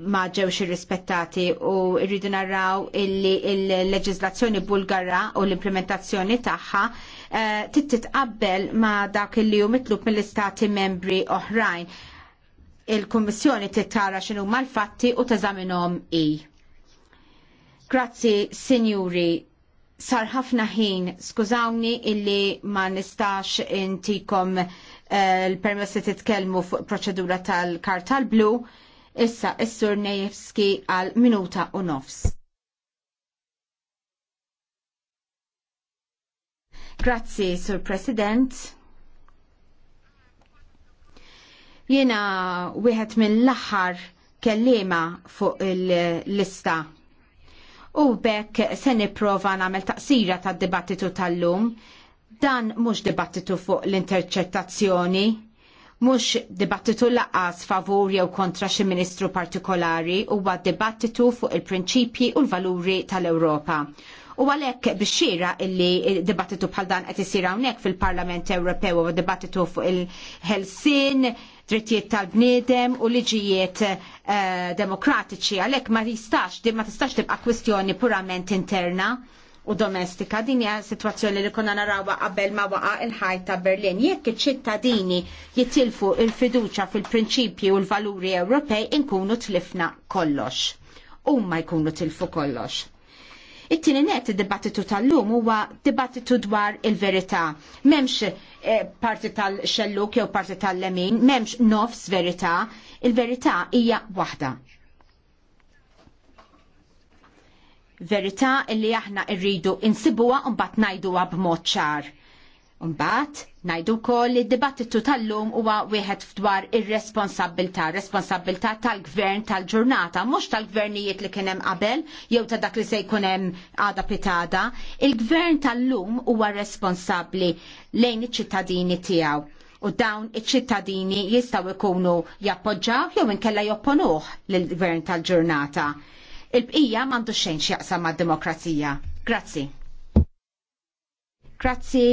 ma ġewx irrispettati u rridu narraw illi il-leġizlazzjoni bulgara u l-implementazzjoni tagħha uh, titqabbel ma dak illi hu mitlub mill-istati membri oħrajn. Il-Kummissjoni tittara xinu mal-fatti u teżaminhom i. Grazzi, signori, sar ħafna ħin, skużawni illi ma nistax intikom eh, l-permess li titkellmu fuq proċedura tal-kartal blu, issa issur sur Nejewski għal minuta u nofs. Grazzi, Sur President. Jena wieħed mill-aħħar kellima fuq il-lista u bekk se nipprova nagħmel taqsira tad-dibattitu tal-lum. Dan mhux dibattitu fuq l-interċettazzjoni, mhux dibattitu laqqas favur jew kontra xi ministru partikolari, huwa dibattitu fuq il-prinċipji u l-valuri tal-Ewropa. U għalek biex illi dibattitu bħal dan qed isir hawnhekk fil-Parlament Ewropew u dibattitu fuq il-Helsin, drittijiet tal-bniedem u liġijiet eh, demokratiċi għalhekk ma jistax din ma tistax tibqa' kwistjoni purament interna u domestika. Din hija sitwazzjoni li konna narawha qabel ma waqa il-ħajt ta' Berlin. Jekk iċ-ċittadini jitilfu il-fiduċa fil-prinċipji u l-valuri Ewropej inkunu tlifna kollox. U ma jkunu tilfu kollox. It-tieni net id-dibattitu tal-lum huwa dibattitu dwar il-verità. M'hemmx eh, parti tal-xelluk jew parti tal-lemin, m'hemmx nofs verità, il-verità hija waħda. Verità li aħna rridu insibuha u mbagħad ngħiduha b'mod ċar Umbat, najdu kol li dibattitu tal-lum huwa wieħed fdwar ir-responsabilta, responsabilta tal-gvern tal-ġurnata, mhux tal-gvernijiet li kien hemm qabel jew ta' dak li se jkun hemm għada pitada. Il-gvern tal-lum huwa responsabbli lejn iċ-ċittadini tiegħu u dawn iċ-ċittadini jistgħu jkunu jappoġġaw jew inkella jopponuh lill-gvern tal-ġurnata. Il-bqija m'għandu xejn x'jaqsam mad-demokrazija. Grazzi. Grazzi.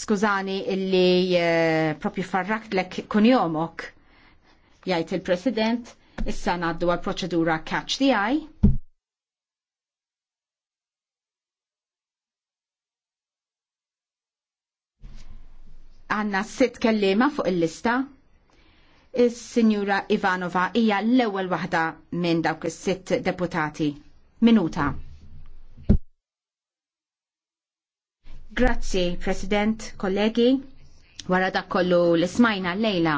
Skużani illi eh, propju farrakt lek kunjomok, jgħid il-President, issa naddu għal proċedura catch the eye. Għanna sitt kellima fuq il-lista. Is-Sinjura Ivanova hija l-ewwel waħda minn dawk is-sitt deputati. Minuta. Grazzi, President, kollegi, wara dak kollu l-ismajna l lejla.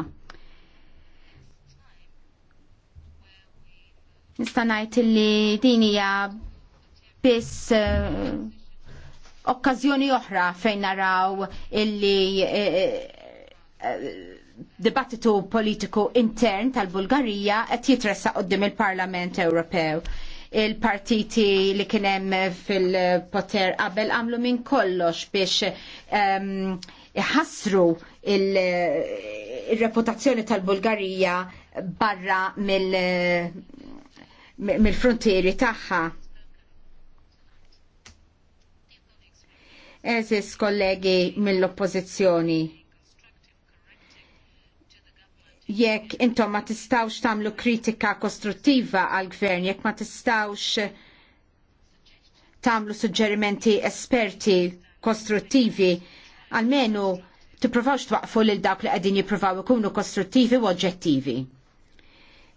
Nista' ngħid li din hija biss uh, okkażjoni oħra fejn naraw illi eh, eh, dibattitu politiku intern tal-Bulgarija qed jitressa qoddim il-Parlament Ewropew il-partiti li kienem fil-poter qabel għamlu minn kollox biex um, iħassru il-reputazzjoni il reputazzjoni tal bulgarija barra mill-frontieri mil tagħha. Eżis kollegi mill-oppożizzjoni jekk intom ma tistawx tagħmlu kritika kostruttiva għall gvern jekk ma tistawx tagħmlu suġġerimenti esperti kostruttivi, għalmenu tipprovawx twaqfu lil dawk li qegħdin jippruvaw ikunu kostruttivi u oġġettivi.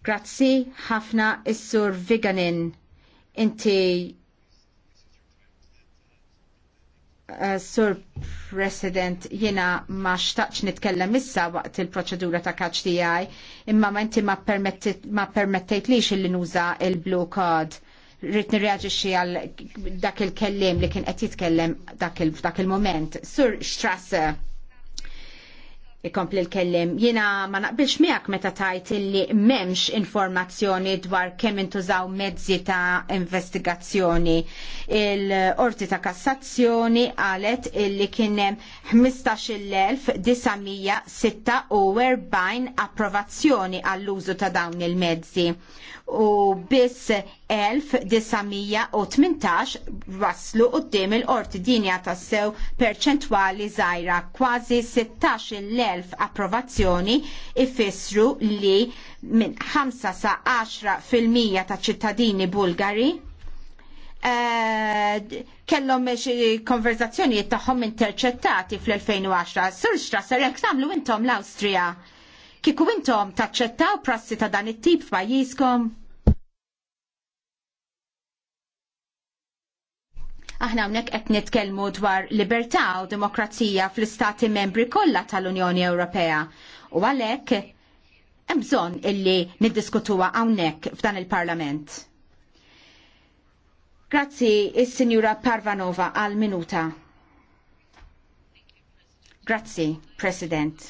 Grazzi ħafna is-sur Viganin. Inti Uh, Sur President, jiena ma xtaqx nitkellem issa waqt il-proċedura ta' kaċ tijaj, imma ma inti ma permettejt li illi nuża il-blue card. Rrit xie għal dak il-kellim li kien qed jitkellem dak il-moment. Sur Strasser, ikompli l-kellim, jina ma naqbilx miegħek meta tajt illi memx informazzjoni dwar kemm intużaw mezzi ta' investigazzjoni. il qorti ta' Kassazzjoni qalet illi kienem 15.946 approvazzjoni għall-użu ta' dawn il-mezzi u biss 1918 waslu u d-dim il-qorti dinja tassew perċentwali zaħira kważi 16.000 1000 approvazzjoni ifissru li minn 5 sa 10 fil-mija ta' ċittadini bulgari uh, kellhom konverzazzjonijiet tagħhom interċettati fl-2010. Sur Strasser, jekk tagħmlu intom l-Awstrija, kieku intom taċċettaw prassi ta' dan it-tip f'pajjiżkom? Aħna hawnhekk qed nitkellmu dwar libertà u demokrazija fl-istati membri kollha tal-Unjoni Ewropea. U għalhekk hemm bżonn illi niddiskutuha hawnhekk f'dan il-Parlament. Grazzi is-Sinjura Parvanova għal minuta. Grazzi, President.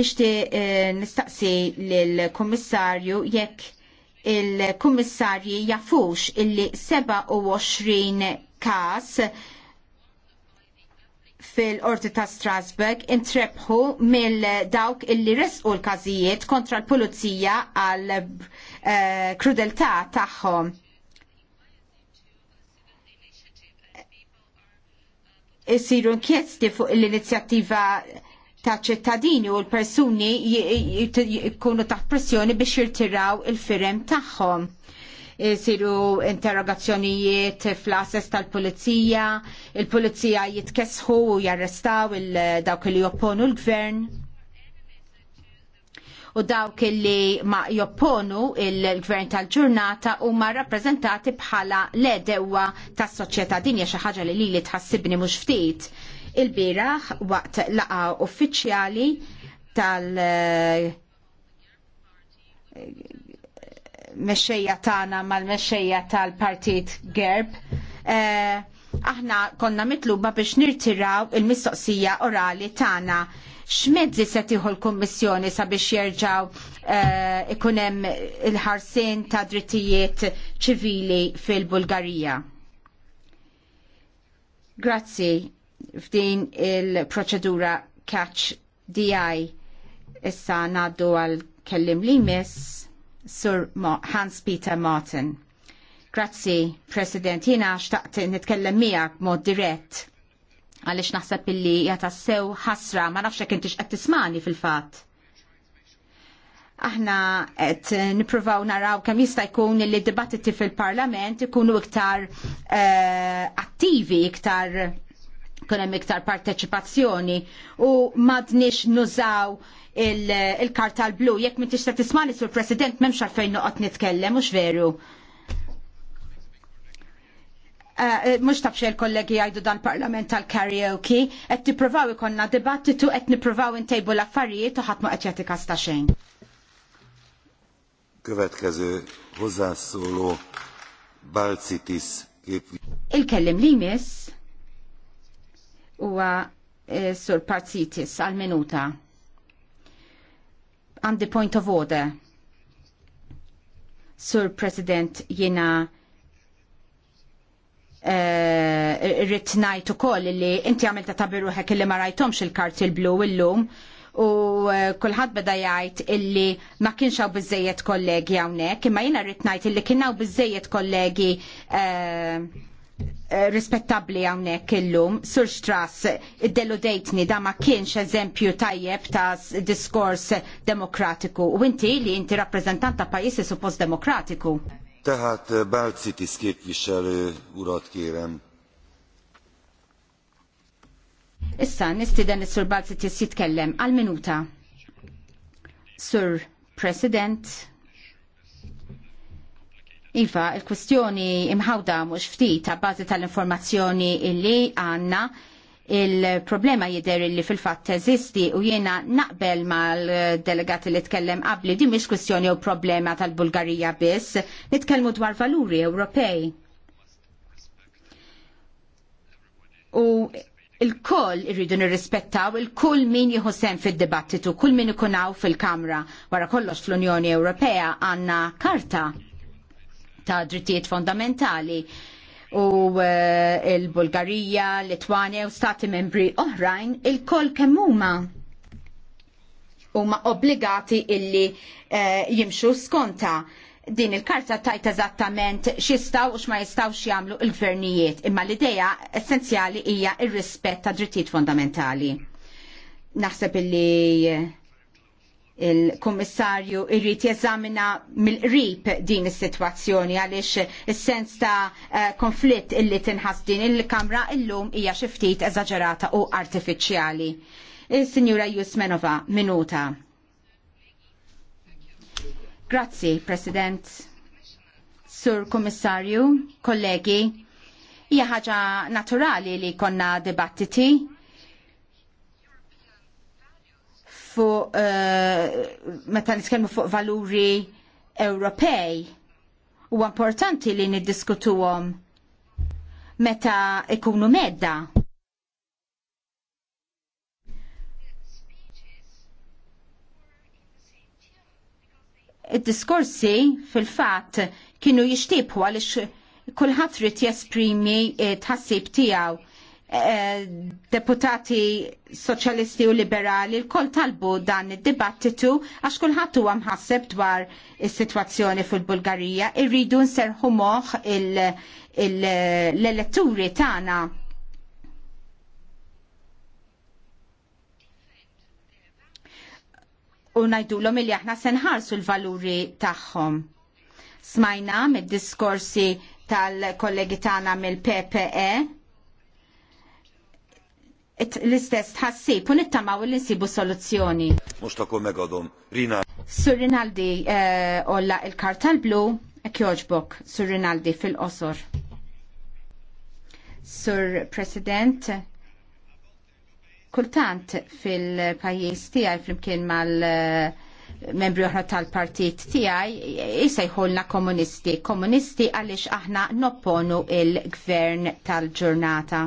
Nishti eh, nistaqsi l-Kommissarju jekk il-kummissarji jafux illi 27 kas fil-Orti ta' Strasburg intrebħu mill-dawk illi resqu l-kazijiet kontra l-pulizija għal eh, krudeltà tagħhom. Isiru nkjesti inkjesti fuq l-inizjattiva ta' ċittadini u l-persuni jkunu taħt pressjoni biex jirtiraw il-firem tagħhom. Siru interrogazzjonijiet fl-assess tal-pulizija, il-pulizija jitkesħu u jarrestaw il-dawk li jopponu l-gvern u dawk li ma jopponu il-gvern tal-ġurnata u ma rappresentati bħala l-edewa tas soċjetà dinja xi ħaġa li lili tħassibni mhux ftit il-biraħ waqt laqa uffiċjali tal- eh, mexxejja tagħna mal-mexxejja tal-Partit Gerb. Eh, aħna konna mitluba biex nirtiraw il-mistoqsija orali tagħna. X'mezzi se tieħu l-Kummissjoni sabiex jerġgħu eh, ikun hemm il-ħarsien ta' drittijiet ċivili fil-Bulgarija? Grazzi f'din il-proċedura catch DI. Issa naddu għal kellim li miss Sur Hans Peter Martin. Grazzi, President. jina xtaqt nitkellem miegħek mod dirett għaliex naħseb illi jata sew ħasra ma nafx jekk intix qed tismani fil-fatt. Aħna qed nippruvaw naraw kemm jista' jkun li dibattiti fil-Parlament ikunu iktar eh, attivi, iktar kunem iktar parteċipazzjoni u madnix nużaw il-karta il l-blu. Jekk minti xta tismani sur president memx għalfejn noqgħod nitkellem, mhux veru. Uh, eh, eh, mux tabxie il kollegi għajdu dan parlament tal-karaoke, qed tipprovaw ikonna dibattitu, qed niprovaw intejbu l-affarijiet u ħatmu qed jagħti kasta xejn. Következő hozzászóló Balcitis Il-kellim li miss huwa eh, sur partitis għal minuta. On the point of order. Sur President jena e, eh, rrit ngħid ukoll li inti għamil ta' tabiru hekk li ma rajtomx il kart il blu illum u eh, kulħadd beda jgħid illi ma kienx hawn biżejjed kollegi hawnhekk, imma jiena rrid ngħid illi kien hawn biżejjed kollegi e, Eh, rispettabli għawnek illum, sur Strass, id-deludejtni da ma kienx eżempju tajjeb ta' diskors demokratiku. U inti li inti rappresentant ta' pajjiżi suppost demokratiku. balzi eh, Balcitis képviselő urat kérem. Issa, nistiden is-sur Balcitis jitkellem għal-minuta. Sur President, Iva, il-kwestjoni imħawda mhux ftit ta' bażi tal-informazzjoni illi għandna il-problema jider li fil-fat teżisti u jiena naqbel mal-delegati li tkellem qabli di mhix kwestjoni u problema tal-Bulgarija biss, nitkellmu dwar valuri Ewropej. U il-koll irridu nirrispettaw il-kull min jieħu sehem fid-dibattitu, kull min ikunaw fil-Kamra. Wara kollox fl-Unjoni Ewropea għandna karta ta' drittijiet fondamentali u eh, il-Bulgarija, Litwania u stati membri oħrajn il-koll kemmuma huma obbligati illi uh, jimxu skonta din il-karta tajt eżattament xistaw u xma jistaw jagħmlu l gvernijiet imma l-idea essenzjali hija il rispett ta' drittijiet fondamentali. Naħseb illi il-Kummissarju irrit jeżamina mill-qrib din is-sitwazzjoni għaliex is-sens ta' eh, konflitt illi tinħas din il-Kamra illum hija xi ftit eżaġerata u artifiċjali. is eh, sinjura Jusmenova, minuta. Grazzi, President. Sur Kummissarju, kollegi, hija ħaġa naturali li konna dibattiti fuq eh, meta nitkellmu fuq valuri Ewropej. Huwa importanti li niddiskutuhom meta ikunu medda. Id-diskorsi fil-fatt kienu jixtiebħu għaliex kulħadd rid jesprimi eh, tħassib tiegħu Eh, deputati soċjalisti u liberali l-kol talbu dan id-dibattitu għax kulħadd huwa mħasseb dwar is-sitwazzjoni fil-Bulgarija irridu nserħu moħħ l-elettori tagħna u ngħidulhom li aħna se nħarsu l-valuri tagħhom. Smajna mid-diskorsi tal-kollegi tagħna mill-PPE l-istess tħassib u nittamaw li nsibu soluzzjoni. Mux ta' kum megadom, Rina. Sur Rinaldi, eh, olla il-kartal blu, kjoġbok, Sur Rinaldi fil-qosor. Sur President, kultant fil-pajis tijaj flimkien mal- eh, membri oħra tal-partit tiegħi jisejħolna komunisti. Komunisti għaliex aħna nopponu il-gvern tal-ġurnata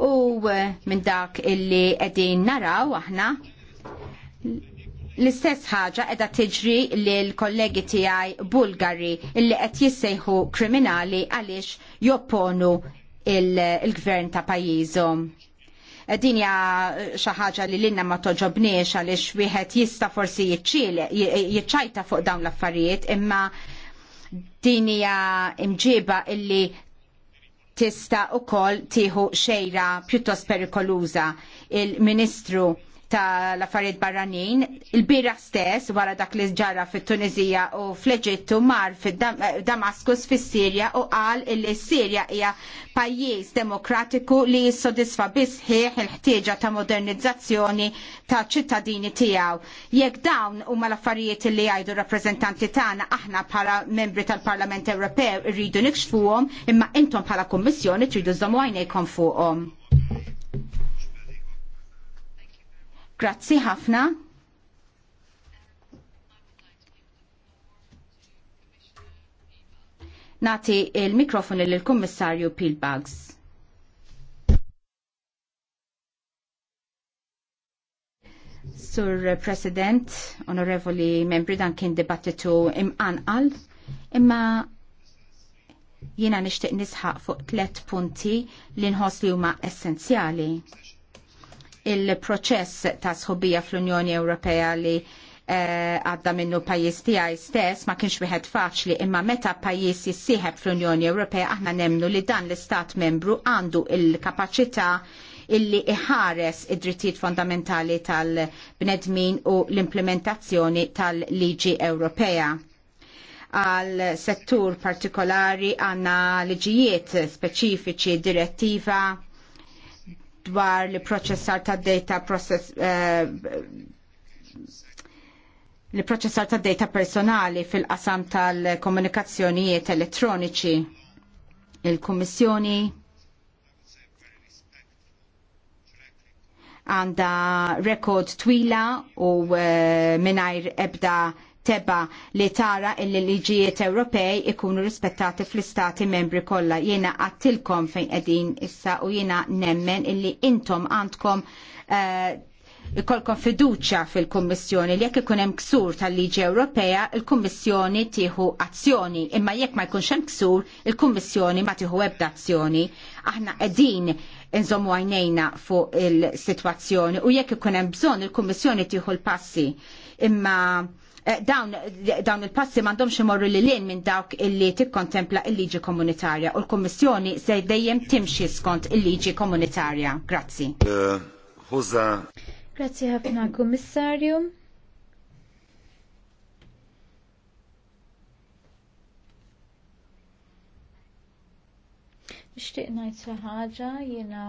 u eh, minn dak illi qegħdin naraw aħna L-istess ħaġa edha tiġri l kollegi tiegħi Bulgari illi qed jissejħu kriminali għaliex jopponu il-gvern ta' pajjiżhom. Eh, din hija xi ħaġa li lilna ma toġobniex għaliex wieħed jista' forsi jiċċajta fuq dawn l-affarijiet imma din hija imġiba illi tista' ukoll tieħu xejra pjuttost perikoluża il-Ministru l affarijiet barranin, il-bira stess wara dak li ġara fit tunizija u fl-Eġittu mar fid damaskus fis sirja u qal li s sirja hija pajjiż demokratiku li jissodisfa bisħiħ il-ħtieġa ta' modernizzazzjoni ta' ċittadini tiegħu. Jekk dawn huma l-affarijiet li jgħidu rappreżentanti tagħna aħna bħala membri tal-Parlament Ewropew irridu nikxfuhom imma intom bħala Kummissjoni tridu żommu għajnejkom fuqhom. Grazzi ħafna. Nati il-mikrofonu lill-Kummissarju Bugs. Sur President, onorevoli membri, dan kien dibattitu imqanqal, imma jiena nixtieq nisħaq fuq tliet punti li nħoss li huma essenzjali il-proċess ta' sħobija fl-Unjoni Ewropea li eh, għadda uh, minnu pajis tiegħi stess ma kienx wieħed faċli imma meta pajis jissieħeb fl-Unjoni Ewropea aħna nemnu li dan l-istat membru għandu il-kapaċità illi iħares id-drittijiet fondamentali tal-bnedmin u l-implementazzjoni tal-liġi Ewropea. Għal settur partikolari għanna liġijiet speċifiċi direttiva dwar li proċessar ta' data process eh, li proċessar ta' data personali fil-qasam tal-komunikazzjonijiet elettroniċi. Il-Kummissjoni għanda rekord twila u eh, minajr ebda teba li tara illi liġijiet Ewropej ikunu rispettati fl-istati membri kollha. Jiena għattilkom fejn qegħdin issa u jiena nemmen illi intom għandkom eh, ikolkom fiduċja fil-Kummissjoni li jekk ikun hemm ksur tal-Liġi Ewropea, il-Kummissjoni tieħu azzjoni, imma jekk ma jkunx hemm ksur, il-Kummissjoni ma tieħu ebda azzjoni. Aħna qegħdin inżommu għajnejna fuq il-sitwazzjoni u jekk ikun hemm bżonn il-Kummissjoni tieħu l-passi. Imma Eh, dawn il-passi m'għandhomx imorru li lin minn dawk illi tikkontempla il-liġi komunitarja u l-Kummissjoni se dejjem timxi skont il-liġi komunitarja. Grazzi. Eh, Grazzi ħafna Kummissarju. Nixtieq ngħid xi ħaġa jiena